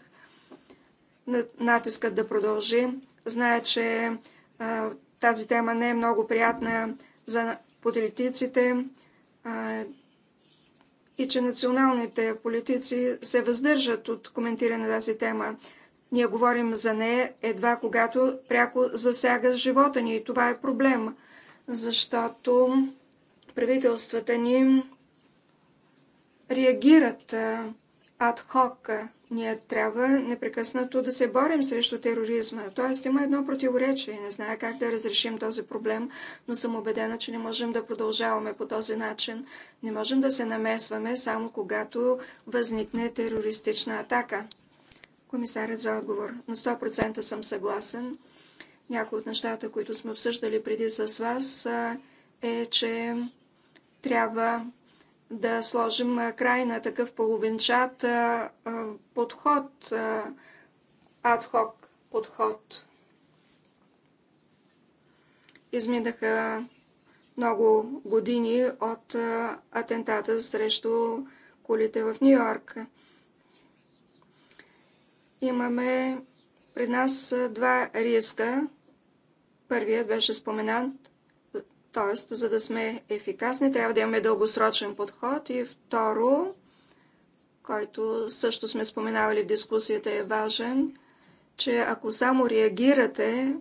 Натискът да продължи. Зная, че а, тази тема не е много приятна за политиците а, и че националните политици се въздържат от коментиране на тази тема. Ние говорим за нея едва когато пряко засяга живота ни и това е проблем, защото правителствата ни реагират адхок ние трябва непрекъснато да се борим срещу тероризма. Тоест има едно противоречие. Не знае как да разрешим този проблем, но съм убедена, че не можем да продължаваме по този начин. Не можем да се намесваме само когато възникне терористична атака. Комисарят за отговор. На 100% съм съгласен. Някои от нещата, които сме обсъждали преди с вас, е, че трябва да сложим край на такъв половинчат подход, адхок подход. Изминаха много години от атентата срещу колите в Нью Йорк. Имаме при нас два риска. Първият беше споменан Тоест, за да сме ефикасни, трябва да имаме дългосрочен подход. И второ, който също сме споменавали в дискусията, е важен, че ако само реагирате,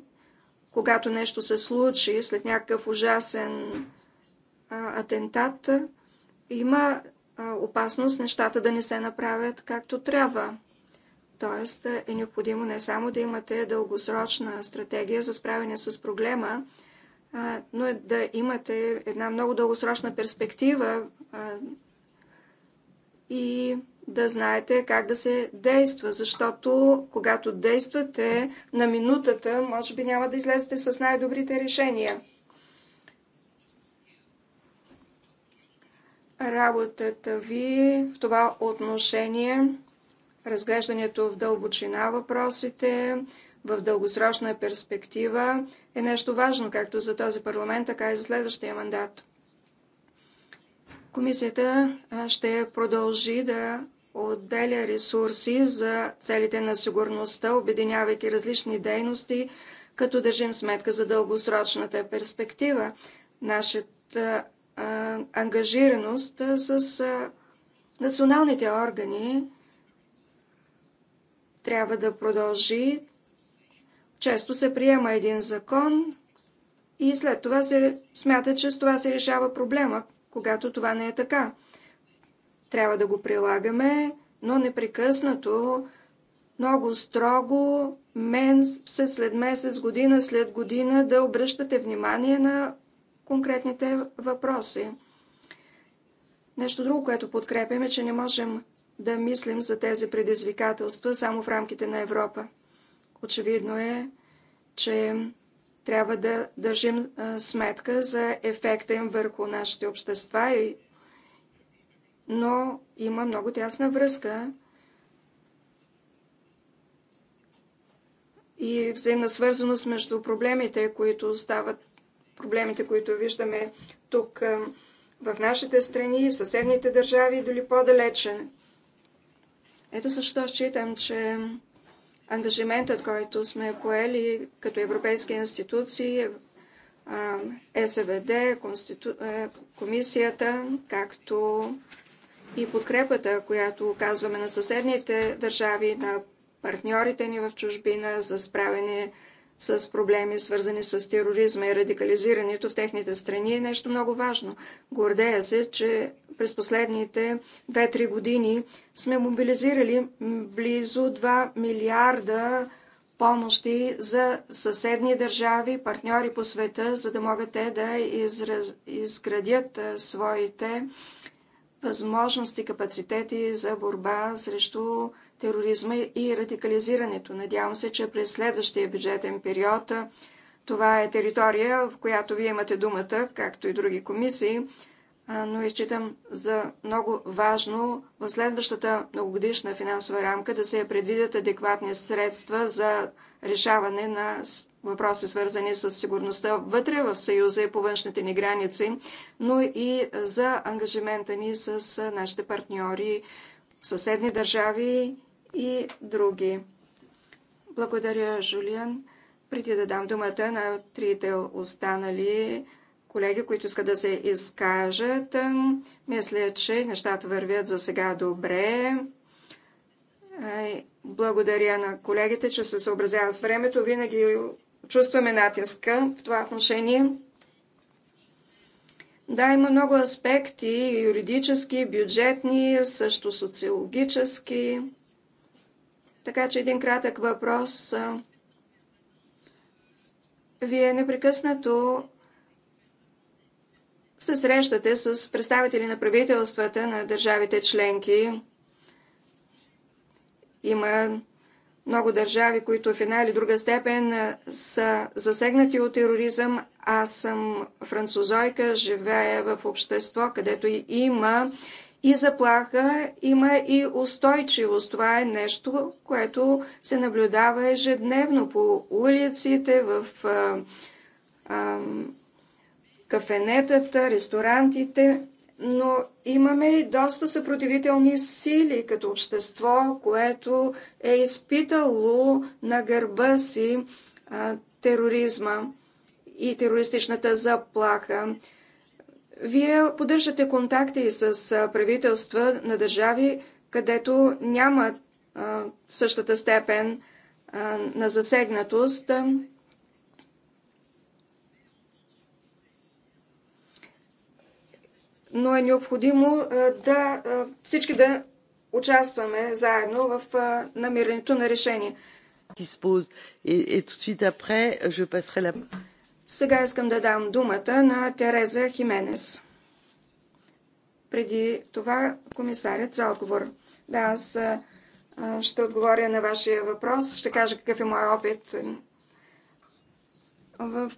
когато нещо се случи, след някакъв ужасен а, атентат, има а, опасност нещата да не се направят както трябва. Тоест е необходимо не само да имате дългосрочна стратегия за справяне с проблема, но е да имате една много дългосрочна перспектива и да знаете как да се действа, защото когато действате на минутата, може би няма да излезете с най-добрите решения. Работата ви в това отношение, разглеждането в дълбочина въпросите, в дългосрочна перспектива е нещо важно, както за този парламент, така и за следващия мандат. Комисията ще продължи да отделя ресурси за целите на сигурността, обединявайки различни дейности, като държим сметка за дългосрочната перспектива. Нашата ангажираност с а, националните органи трябва да продължи. Често се приема един закон и след това се смята, че с това се решава проблема, когато това не е така. Трябва да го прилагаме, но непрекъснато, много строго, се след месец, година след година да обръщате внимание на конкретните въпроси. Нещо друго, което подкрепяме, че не можем да мислим за тези предизвикателства само в рамките на Европа. Очевидно е, че трябва да държим сметка за ефекта им върху нашите общества, но има много тясна връзка и взаимна свързаност между проблемите, които стават, проблемите, които виждаме тук в нашите страни, в съседните държави, дори по-далече. Ето защо считам, че ангажиментът, който сме поели като европейски институции, е, СВД, Конститу... Е, комисията, както и подкрепата, която оказваме на съседните държави, на партньорите ни в чужбина за справяне с проблеми, свързани с тероризма и радикализирането в техните страни, е нещо много важно. Гордея се, че през последните 2-3 години сме мобилизирали близо 2 милиарда помощи за съседни държави, партньори по света, за да могат те да израз... изградят своите възможности, капацитети за борба срещу тероризма и радикализирането. Надявам се, че през следващия бюджетен период това е територия, в която вие имате думата, както и други комисии, но я считам за много важно в следващата многогодишна финансова рамка да се предвидят адекватни средства за решаване на въпроси, свързани с сигурността вътре в Съюза и по външните ни граници, но и за ангажимента ни с нашите партньори, съседни държави и други. Благодаря, Жулиан. Преди да дам думата на трите останали колеги, които искат да се изкажат. Мисля, че нещата вървят за сега добре. Благодаря на колегите, че се съобразяват с времето. Винаги чувстваме натиска в това отношение. Да, има много аспекти, юридически, бюджетни, също социологически. Така че един кратък въпрос. Вие непрекъснато се срещате с представители на правителствата на държавите членки. Има много държави, които в една или друга степен са засегнати от тероризъм. Аз съм французойка, живея в общество, където има и заплаха, има и устойчивост. Това е нещо, което се наблюдава ежедневно по улиците, в а, а, кафенетата, ресторантите, но имаме и доста съпротивителни сили като общество, което е изпитало на гърба си а, тероризма и терористичната заплаха. Вие поддържате контакти с правителства на държави, където няма а, същата степен а, на засегнатост. но е необходимо да всички да участваме заедно в намирането на решение. Сега искам да дам думата на Тереза Хименес. Преди това комисарят за отговор. Да, аз ще отговоря на вашия въпрос. Ще кажа какъв е моят опит в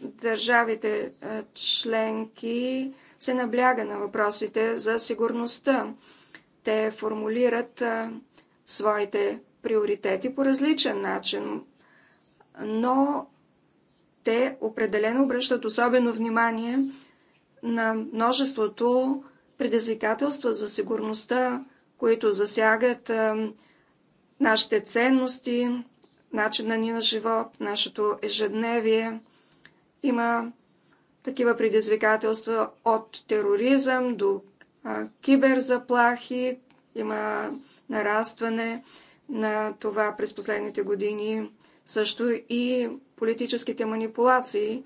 държавите членки се набляга на въпросите за сигурността. Те формулират своите приоритети по различен начин, но те определено обръщат особено внимание на множеството предизвикателства за сигурността, които засягат нашите ценности, начина ни на живот, нашето ежедневие. Има такива предизвикателства от тероризъм до киберзаплахи. Има нарастване на това през последните години. Също и политическите манипулации.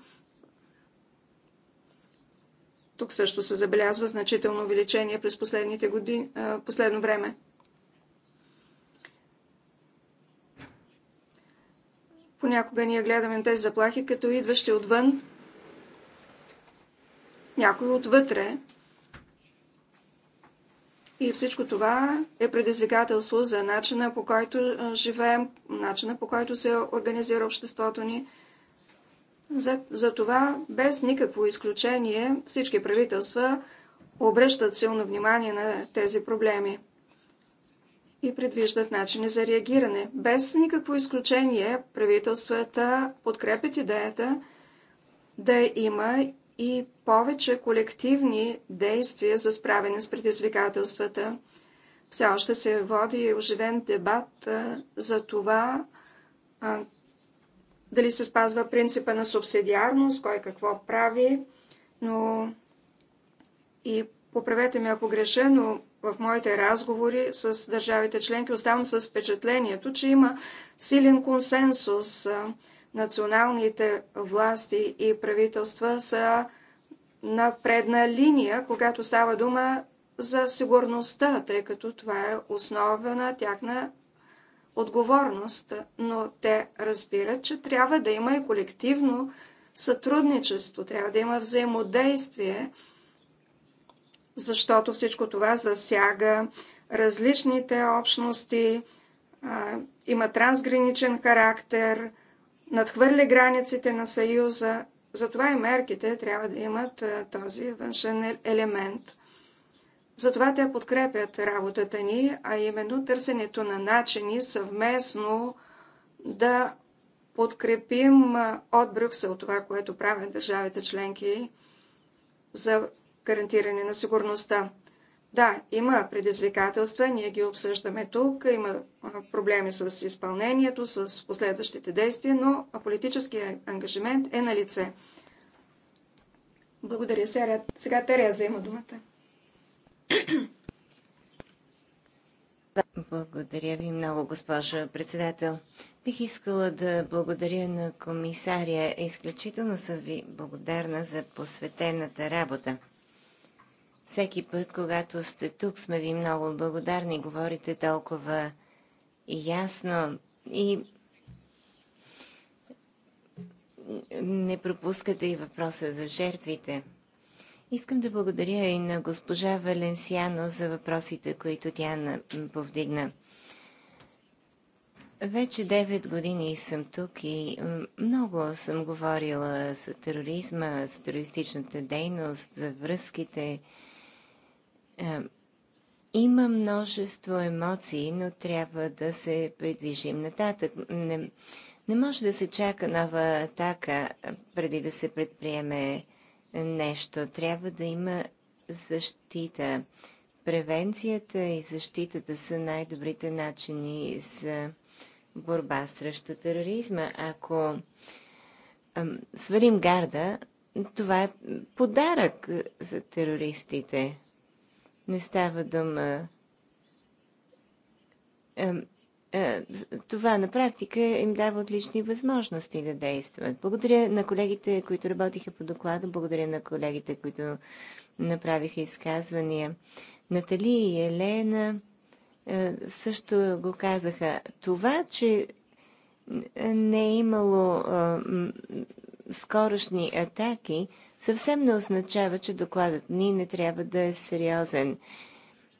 Тук също се забелязва значително увеличение през последните години, последно време. Понякога ние гледаме тези заплахи като идващи отвън, някой отвътре. И всичко това е предизвикателство за начина по който живеем, начина по който се организира обществото ни. За, за това, без никакво изключение, всички правителства обръщат силно внимание на тези проблеми и предвиждат начини за реагиране. Без никакво изключение правителствата подкрепят идеята да има и повече колективни действия за справяне с предизвикателствата. Все още се води оживен дебат за това дали се спазва принципа на субсидиарност, кой какво прави, но и поправете ме ако греша, но в моите разговори с държавите членки оставам с впечатлението, че има силен консенсус националните власти и правителства са на предна линия, когато става дума за сигурността, тъй като това е основа на тяхна отговорност, но те разбират, че трябва да има и колективно сътрудничество, трябва да има взаимодействие, защото всичко това засяга различните общности, има трансграничен характер – надхвърли границите на Съюза. Затова и мерките трябва да имат този външен е-, елемент. Затова те подкрепят работата ни, а именно търсенето на начини съвместно да подкрепим от Брюксел това, което правят държавите членки за гарантиране на сигурността. Да, има предизвикателства, ние ги обсъждаме тук, има проблеми с изпълнението, с последващите действия, но политическия ангажимент е на лице. Благодаря. Сега, сега терия взема думата. Благодаря ви много, госпожа председател. Бих искала да благодаря на комисаря. Изключително съм ви благодарна за посветената работа. Всеки път, когато сте тук, сме ви много благодарни. Говорите толкова ясно и не пропускате и въпроса за жертвите. Искам да благодаря и на госпожа Валенсиано за въпросите, които тя повдигна. Вече 9 години съм тук и много съм говорила за тероризма, за терористичната дейност, за връзките има множество емоции, но трябва да се придвижим нататък. Не, не може да се чака нова атака е, преди да се предприеме нещо. Трябва да има защита. Превенцията и защитата са най-добрите начини за борба срещу тероризма. Ако свалим гарда, това е подарък за терористите. Не става дума. Това на практика им дава отлични възможности да действат. Благодаря на колегите, които работиха по доклада, благодаря на колегите, които направиха изказвания. Натали и Елена също го казаха. Това, че не е имало скорошни атаки, съвсем не означава, че докладът ни не трябва да е сериозен.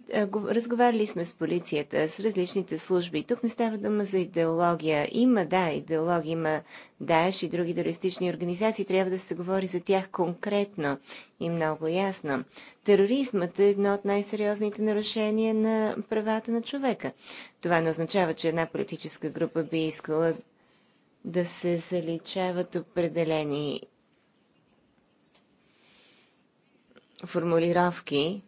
Е, разговаряли сме с полицията, с различните служби. Тук не става дума за идеология. Има, да, идеология, има Даеш и други терористични организации. Трябва да се говори за тях конкретно и много ясно. Тероризмът е едно от най-сериозните нарушения на правата на човека. Това не означава, че една политическа група би искала да се заличават определени формулировки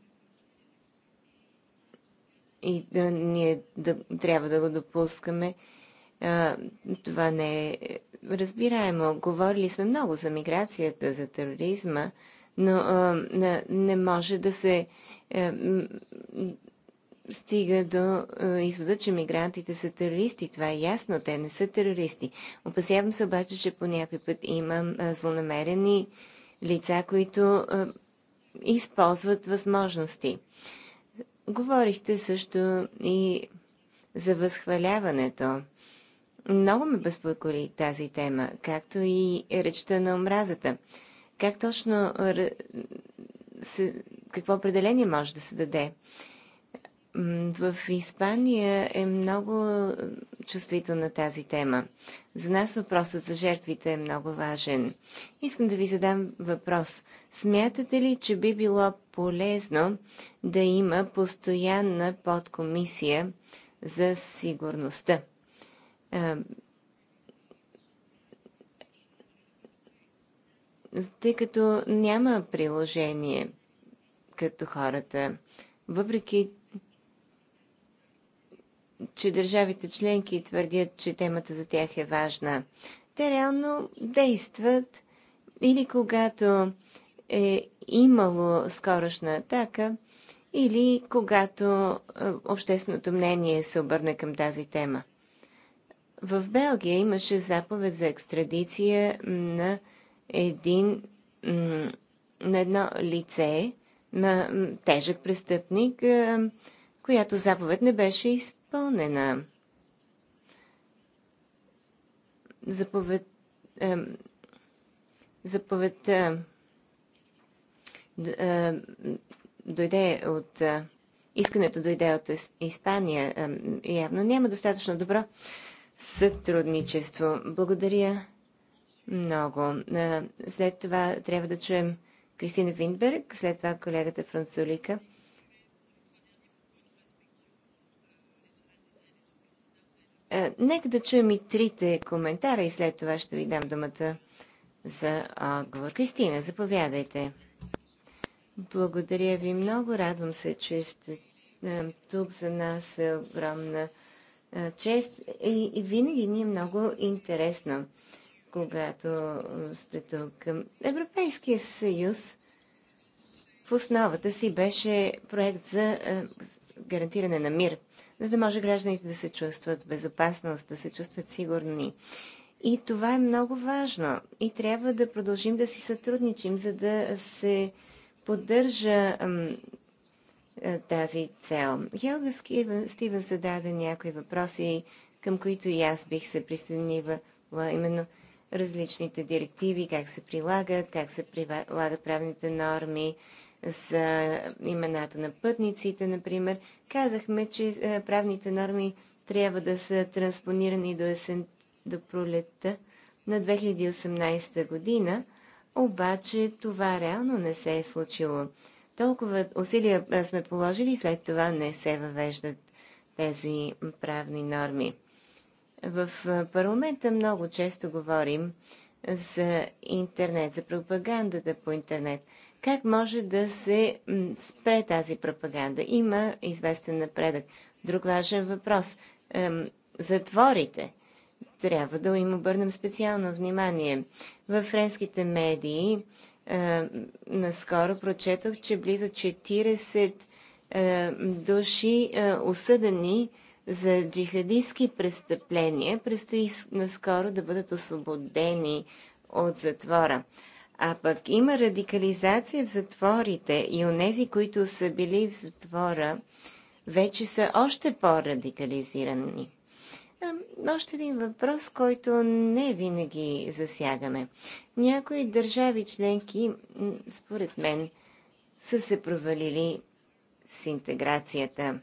и да, ние да, трябва да го допускаме. А, това не е разбираемо. Говорили сме много за миграцията, за тероризма, но а, не, може да се а, е, стига до а, е, извода, че мигрантите са терористи. Това е ясно, те не са терористи. Опасявам се обаче, че по някой път имам а, злонамерени лица, които а, е, използват възможности. Говорихте също и за възхваляването. Много ме безпокои тази тема, както и речта на омразата. Как точно се, какво определение може да се даде в Испания е много чувствителна тази тема. За нас въпросът за жертвите е много важен. Искам да ви задам въпрос. Смятате ли, че би било полезно да има постоянна подкомисия за сигурността? Тъй като няма приложение като хората, въпреки че държавите членки твърдят, че темата за тях е важна. Те реално действат или когато е имало скорошна атака, или когато е, общественото мнение се обърне към тази тема. В Белгия имаше заповед за екстрадиция на един на едно лице, на тежък престъпник, е, която заповед не беше изпълнена изпълнена. Заповед, е, заповед е, дойде от. Е, искането дойде от Испания. Е, явно няма достатъчно добро сътрудничество. Благодаря много. Е, след това трябва да чуем Кристина Винберг, след това колегата Франсулика. Е, нека да чуем и трите коментара и след това ще ви дам думата за отговор. Кристина, заповядайте. Благодаря ви много. Радвам се, че сте е, тук за нас е огромна е, чест и, и винаги ни е много интересно, когато сте тук. Европейския съюз в основата си беше проект за гарантиране на мир за да може гражданите да се чувстват в безопасност, да се чувстват сигурни. И това е много важно. И трябва да продължим да си сътрудничим, за да се поддържа тази цел. Хелга Стивен зададе някои въпроси, към които и аз бих се присъединила, именно различните директиви, как се прилагат, как се прилагат правните норми, за имената на пътниците, например. Казахме, че е, правните норми трябва да са транспонирани до, есен, до пролетта на 2018 година, обаче това реално не се е случило. Толкова усилия е, сме положили след това не се въвеждат тези правни норми. В е, парламента много често говорим за интернет, за пропагандата по интернет – как може да се спре тази пропаганда? Има известен напредък. Друг важен въпрос. Затворите. Трябва да им обърнем специално внимание. Във френските медии е, наскоро прочетох, че близо 40 е, души е, осъдени за джихадистски престъпления предстои наскоро да бъдат освободени от затвора. А пък има радикализация в затворите и у нези, които са били в затвора, вече са още по-радикализирани. Още един въпрос, който не винаги засягаме. Някои държави членки, според мен, са се провалили с интеграцията.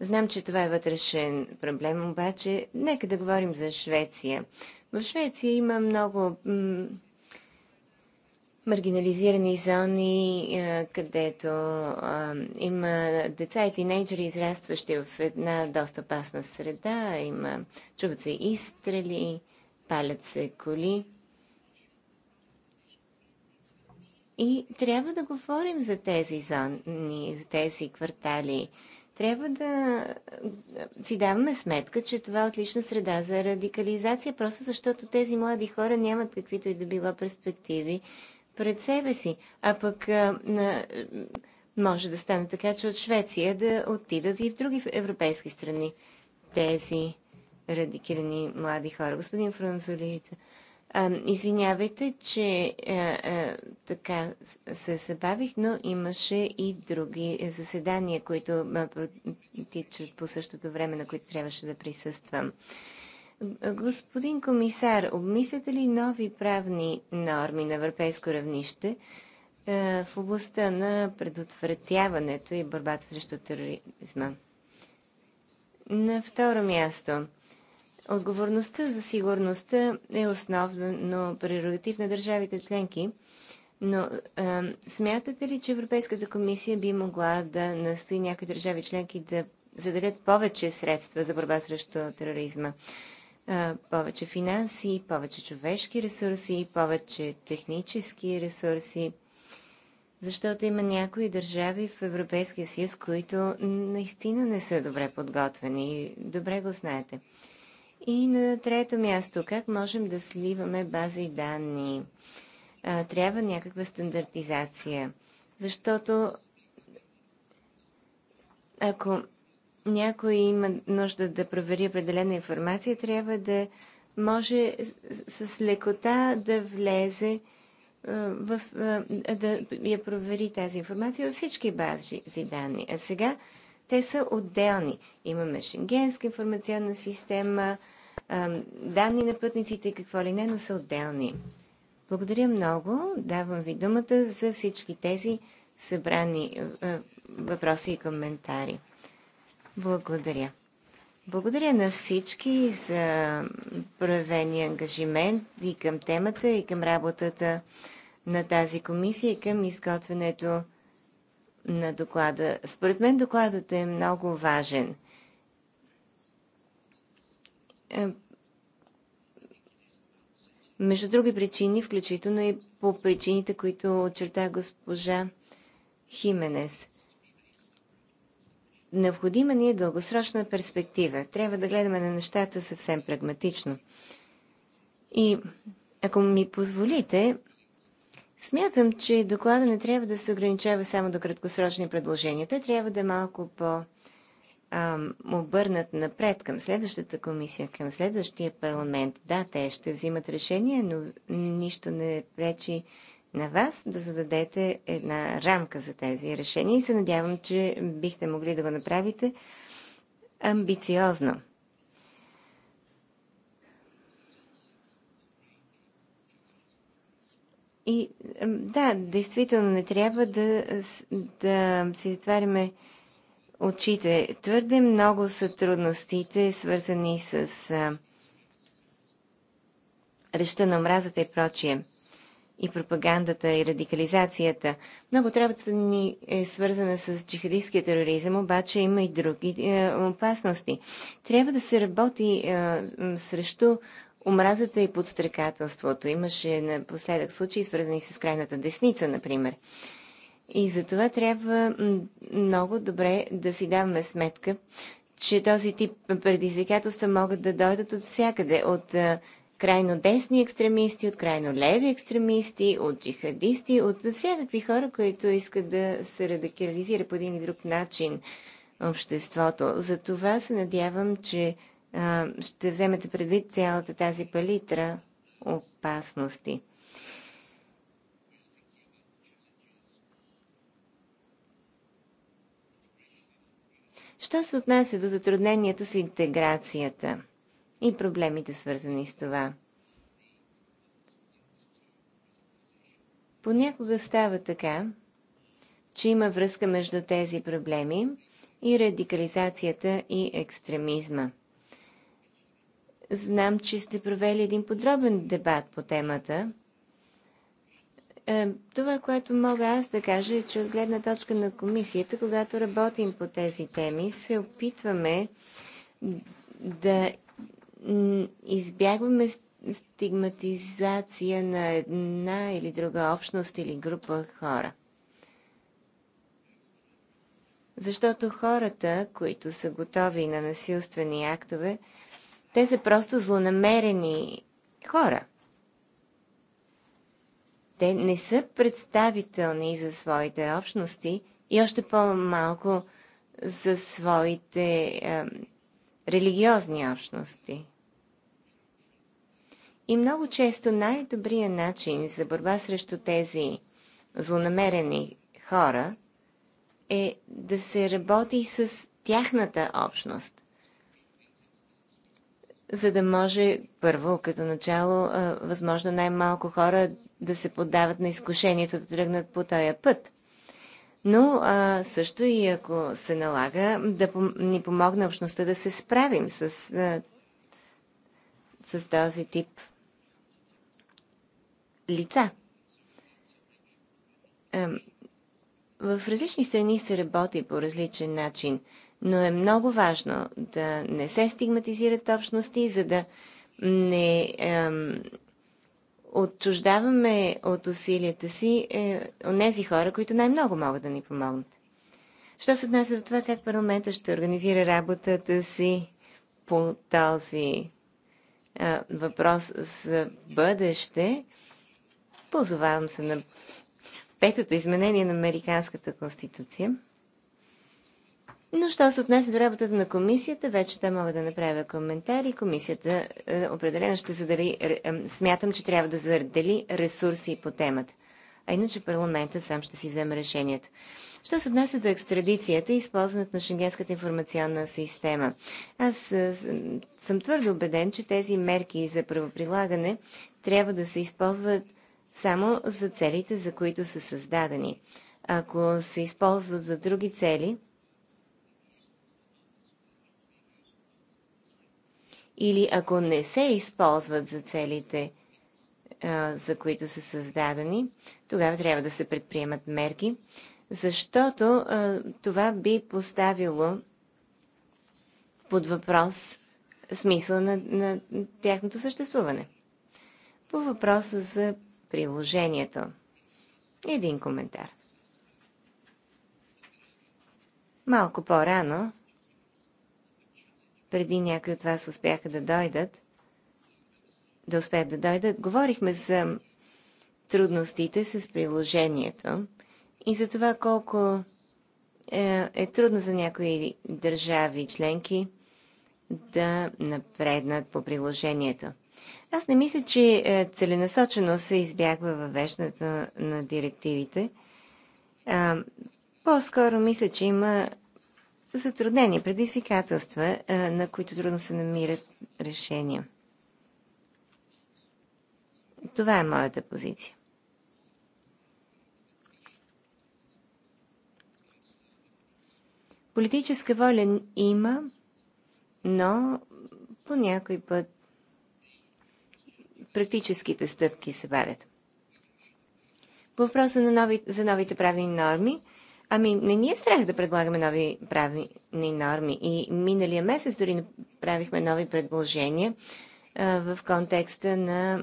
Знам, че това е вътрешен проблем, обаче нека да говорим за Швеция. В Швеция има много маргинализирани зони, е, където е, има деца и тинейджери, израстващи в една доста опасна среда. Има, чуват се изстрели, палят се коли. И трябва да говорим за тези зони, за тези квартали. Трябва да си даваме сметка, че това е отлична среда за радикализация, просто защото тези млади хора нямат каквито и да било перспективи пред себе си. А пък а, може да стане така, че от Швеция да отидат и в други европейски страни тези радикирани млади хора. Господин Франзолица, извинявайте, че а, а, така се забавих, но имаше и други заседания, които протичат по същото време, на които трябваше да присъствам. Господин комисар, обмисляте ли нови правни норми на европейско равнище е, в областта на предотвратяването и борбата срещу тероризма? На второ място, отговорността за сигурността е основно прерогатив на държавите членки, но а, е, смятате ли, че Европейската комисия би могла да настои някои държави членки да заделят повече средства за борба срещу тероризма? повече финанси, повече човешки ресурси, повече технически ресурси, защото има някои държави в Европейския съюз, които наистина не са добре подготвени. Добре го знаете. И на трето място, как можем да сливаме бази данни? Трябва някаква стандартизация, защото ако някой има нужда да провери определена информация, трябва да може с лекота да влезе е, в, е, да я провери тази информация от всички бази за данни. А сега те са отделни. Имаме Шенгенска информационна система, е, данни на пътниците и какво ли не, но са отделни. Благодаря много. Давам ви думата за всички тези събрани въпроси и коментари. Благодаря. Благодаря на всички за проявения ангажимент и към темата, и към работата на тази комисия, и към изготвянето на доклада. Според мен докладът е много важен. Е, между други причини, включително и по причините, които очерта госпожа Хименес. Необходима ни е дългосрочна перспектива. Трябва да гледаме на нещата съвсем прагматично. И ако ми позволите, смятам, че доклада не трябва да се ограничава само до краткосрочни предложения. Той трябва да е малко по обърнат напред към следващата комисия, към следващия парламент. Да, те ще взимат решение, но нищо не пречи на вас да зададете една рамка за тези решения и се надявам, че бихте могли да го направите амбициозно. И да, действително не трябва да, да си затваряме очите. Твърде много са трудностите, свързани с а, реща на омразата и прочие и пропагандата и радикализацията. Много работата ни е свързана с джихадистския тероризъм, обаче има и други е, опасности. Трябва да се работи е, срещу омразата и подстрекателството. Имаше напоследък случаи, свързани с крайната десница, например. И за това трябва много добре да си даваме сметка, че този тип предизвикателства могат да дойдат от всякъде, от е, крайно десни екстремисти, от крайно леви екстремисти, от джихадисти, от всякакви хора, които искат да се радикализира по един или друг начин обществото. За това се надявам, че а, ще вземете предвид цялата тази палитра опасности. Що се отнася до затрудненията с интеграцията? и проблемите свързани с това. Понякога става така, че има връзка между тези проблеми и радикализацията и екстремизма. Знам, че сте провели един подробен дебат по темата. Е, това, което мога аз да кажа е, че от гледна точка на комисията, когато работим по тези теми, се опитваме да избягваме стигматизация на една или друга общност или група хора. Защото хората, които са готови на насилствени актове, те са просто злонамерени хора. Те не са представителни за своите общности и още по-малко за своите е, религиозни общности. И много често най-добрият начин за борба срещу тези злонамерени хора е да се работи с тяхната общност, за да може първо, като начало, възможно най-малко хора да се поддават на изкушението да тръгнат по този път. Но а, също и ако се налага, да ни помогне общността да се справим с, а, с този тип лица. В различни страни се работи по различен начин, но е много важно да не се стигматизират общности, за да не отчуждаваме от усилията си е, от тези хора, които най-много могат да ни помогнат. Що се отнася до това, как парламента ще организира работата си по този въпрос за бъдеще, Позовавам се на петото изменение на Американската конституция. Но що се отнесе до работата на комисията, вече те мога да направя коментари. Комисията е, определено ще задели, е, е, смятам, че трябва да задели ресурси по темата. А иначе парламента сам ще си вземе решението. Що се отнася до екстрадицията и използването на Шенгенската информационна система? Аз е, съм твърдо убеден, че тези мерки за правоприлагане трябва да се използват само за целите, за които са създадени. Ако се използват за други цели или ако не се използват за целите, за които са създадени, тогава трябва да се предприемат мерки, защото това би поставило под въпрос смисъла на, на тяхното съществуване. По въпроса за приложението. Един коментар. Малко по-рано, преди някои от вас успяха да дойдат, да успеят да дойдат, говорихме за трудностите с приложението и за това колко е, е трудно за някои държави членки да напреднат по приложението. Аз не мисля, че е, целенасочено се избягва въвеждането на директивите. По-скоро мисля, че има затруднения, предизвикателства, е, на които трудно се намират решения. Това е моята позиция. Политическа воля има, но по някой път практическите стъпки се бавят. По въпроса на нови, за новите правни норми, ами не ни е страх да предлагаме нови правни норми. И миналия месец дори направихме нови предложения а, в контекста на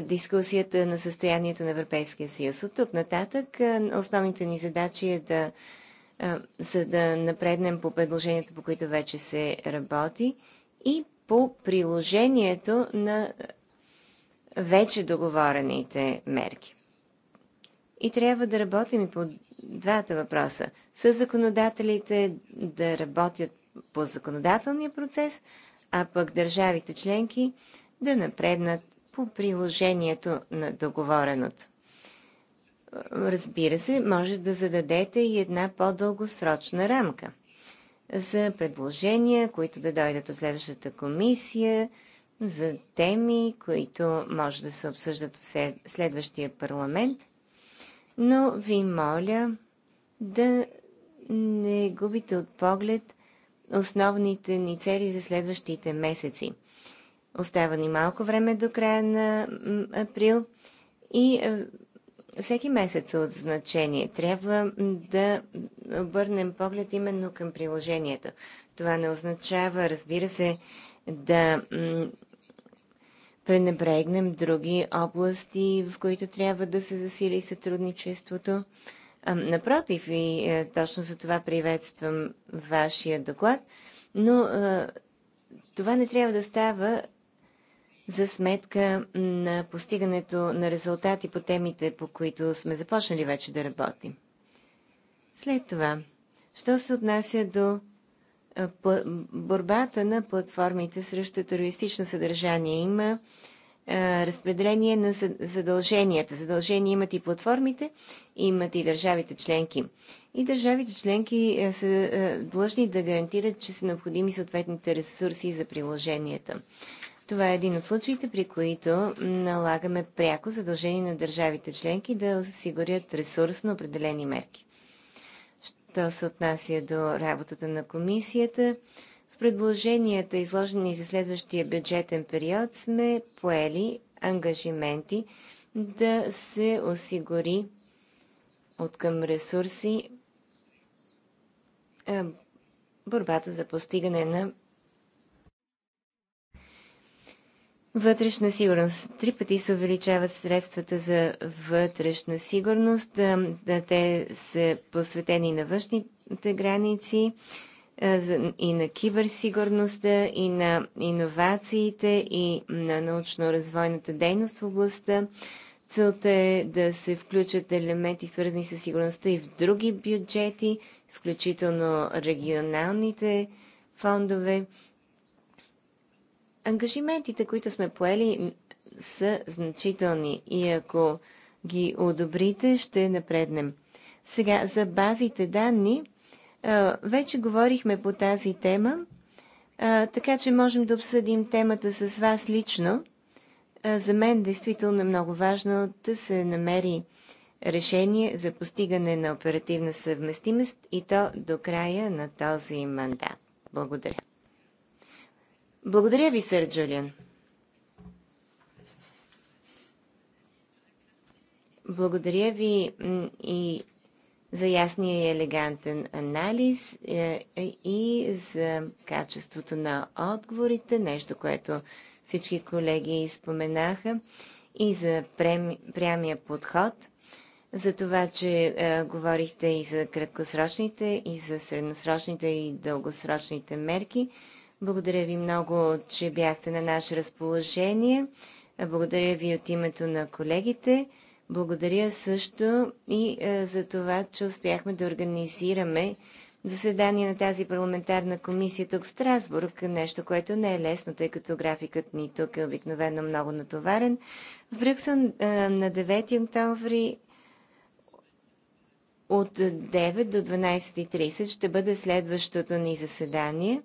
дискусията на състоянието на Европейския съюз. От тук нататък основните ни задачи е да са да напреднем по предложенията, по които вече се работи и по приложението на вече договорените мерки. И трябва да работим и по двата въпроса. С законодателите да работят по законодателния процес, а пък държавите членки да напреднат по приложението на договореното. Разбира се, може да зададете и една по-дългосрочна рамка – за предложения, които да дойдат от следващата комисия, за теми, които може да се обсъждат в следващия парламент. Но ви моля да не губите от поглед основните ни цели за следващите месеци. Остава ни малко време до края на април и е, всеки месец е от значение. Трябва да обърнем поглед именно към приложението. Това не означава, разбира се, да пренебрегнем други области, в които трябва да се засили сътрудничеството. напротив, и е, точно за това приветствам вашия доклад, но това не трябва да става за сметка на постигането на резултати по темите, по които сме започнали вече да работим. След това, що се отнася до борбата на платформите срещу терористично съдържание, има разпределение на задълженията. Задължения имат и платформите, имат и държавите членки. И държавите членки са длъжни да гарантират, че са необходими съответните ресурси за приложението. Това е един от случаите, при които налагаме пряко задължение на държавите членки да осигурят ресурс на определени мерки. Що се отнася до работата на комисията, в предложенията, изложени за следващия бюджетен период, сме поели ангажименти да се осигури от към ресурси борбата за постигане на Вътрешна сигурност. Три пъти се увеличават средствата за вътрешна сигурност. те са посветени на външните граници и на киберсигурността, и на иновациите, и на научно-развойната дейност в областта. Целта е да се включат елементи, свързани с сигурността и в други бюджети, включително регионалните фондове. Ангажиментите, които сме поели, са значителни и ако ги одобрите, ще напреднем. Сега, за базите данни, вече говорихме по тази тема, така че можем да обсъдим темата с вас лично. За мен действително е много важно да се намери решение за постигане на оперативна съвместимост и то до края на този мандат. Благодаря. Благодаря ви, сър Джулиан. Благодаря ви и за ясния и елегантен анализ е, е, и за качеството на отговорите, нещо, което всички колеги споменаха, и за прямия подход, за това, че е, говорихте и за краткосрочните, и за средносрочните и дългосрочните мерки – благодаря ви много, че бяхте на наше разположение. Благодаря ви от името на колегите. Благодаря също и е, за това, че успяхме да организираме заседание на тази парламентарна комисия тук в Страсбург, нещо, което не е лесно, тъй като графикът ни тук е обикновено много натоварен. В Брюксел е, на 9 октомври от 9 до 12.30 ще бъде следващото ни заседание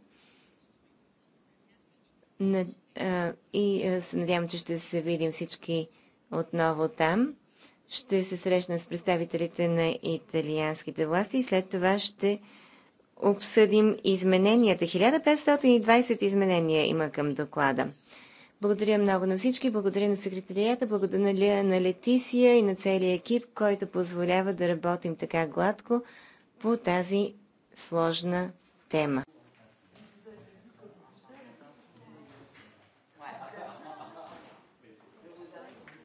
и се надявам, че ще се видим всички отново там. Ще се срещна с представителите на италианските власти и след това ще обсъдим измененията. 1520 изменения има към доклада. Благодаря много на всички, благодаря на секретарията, благодаря на Летисия и на целия екип, който позволява да работим така гладко по тази сложна тема.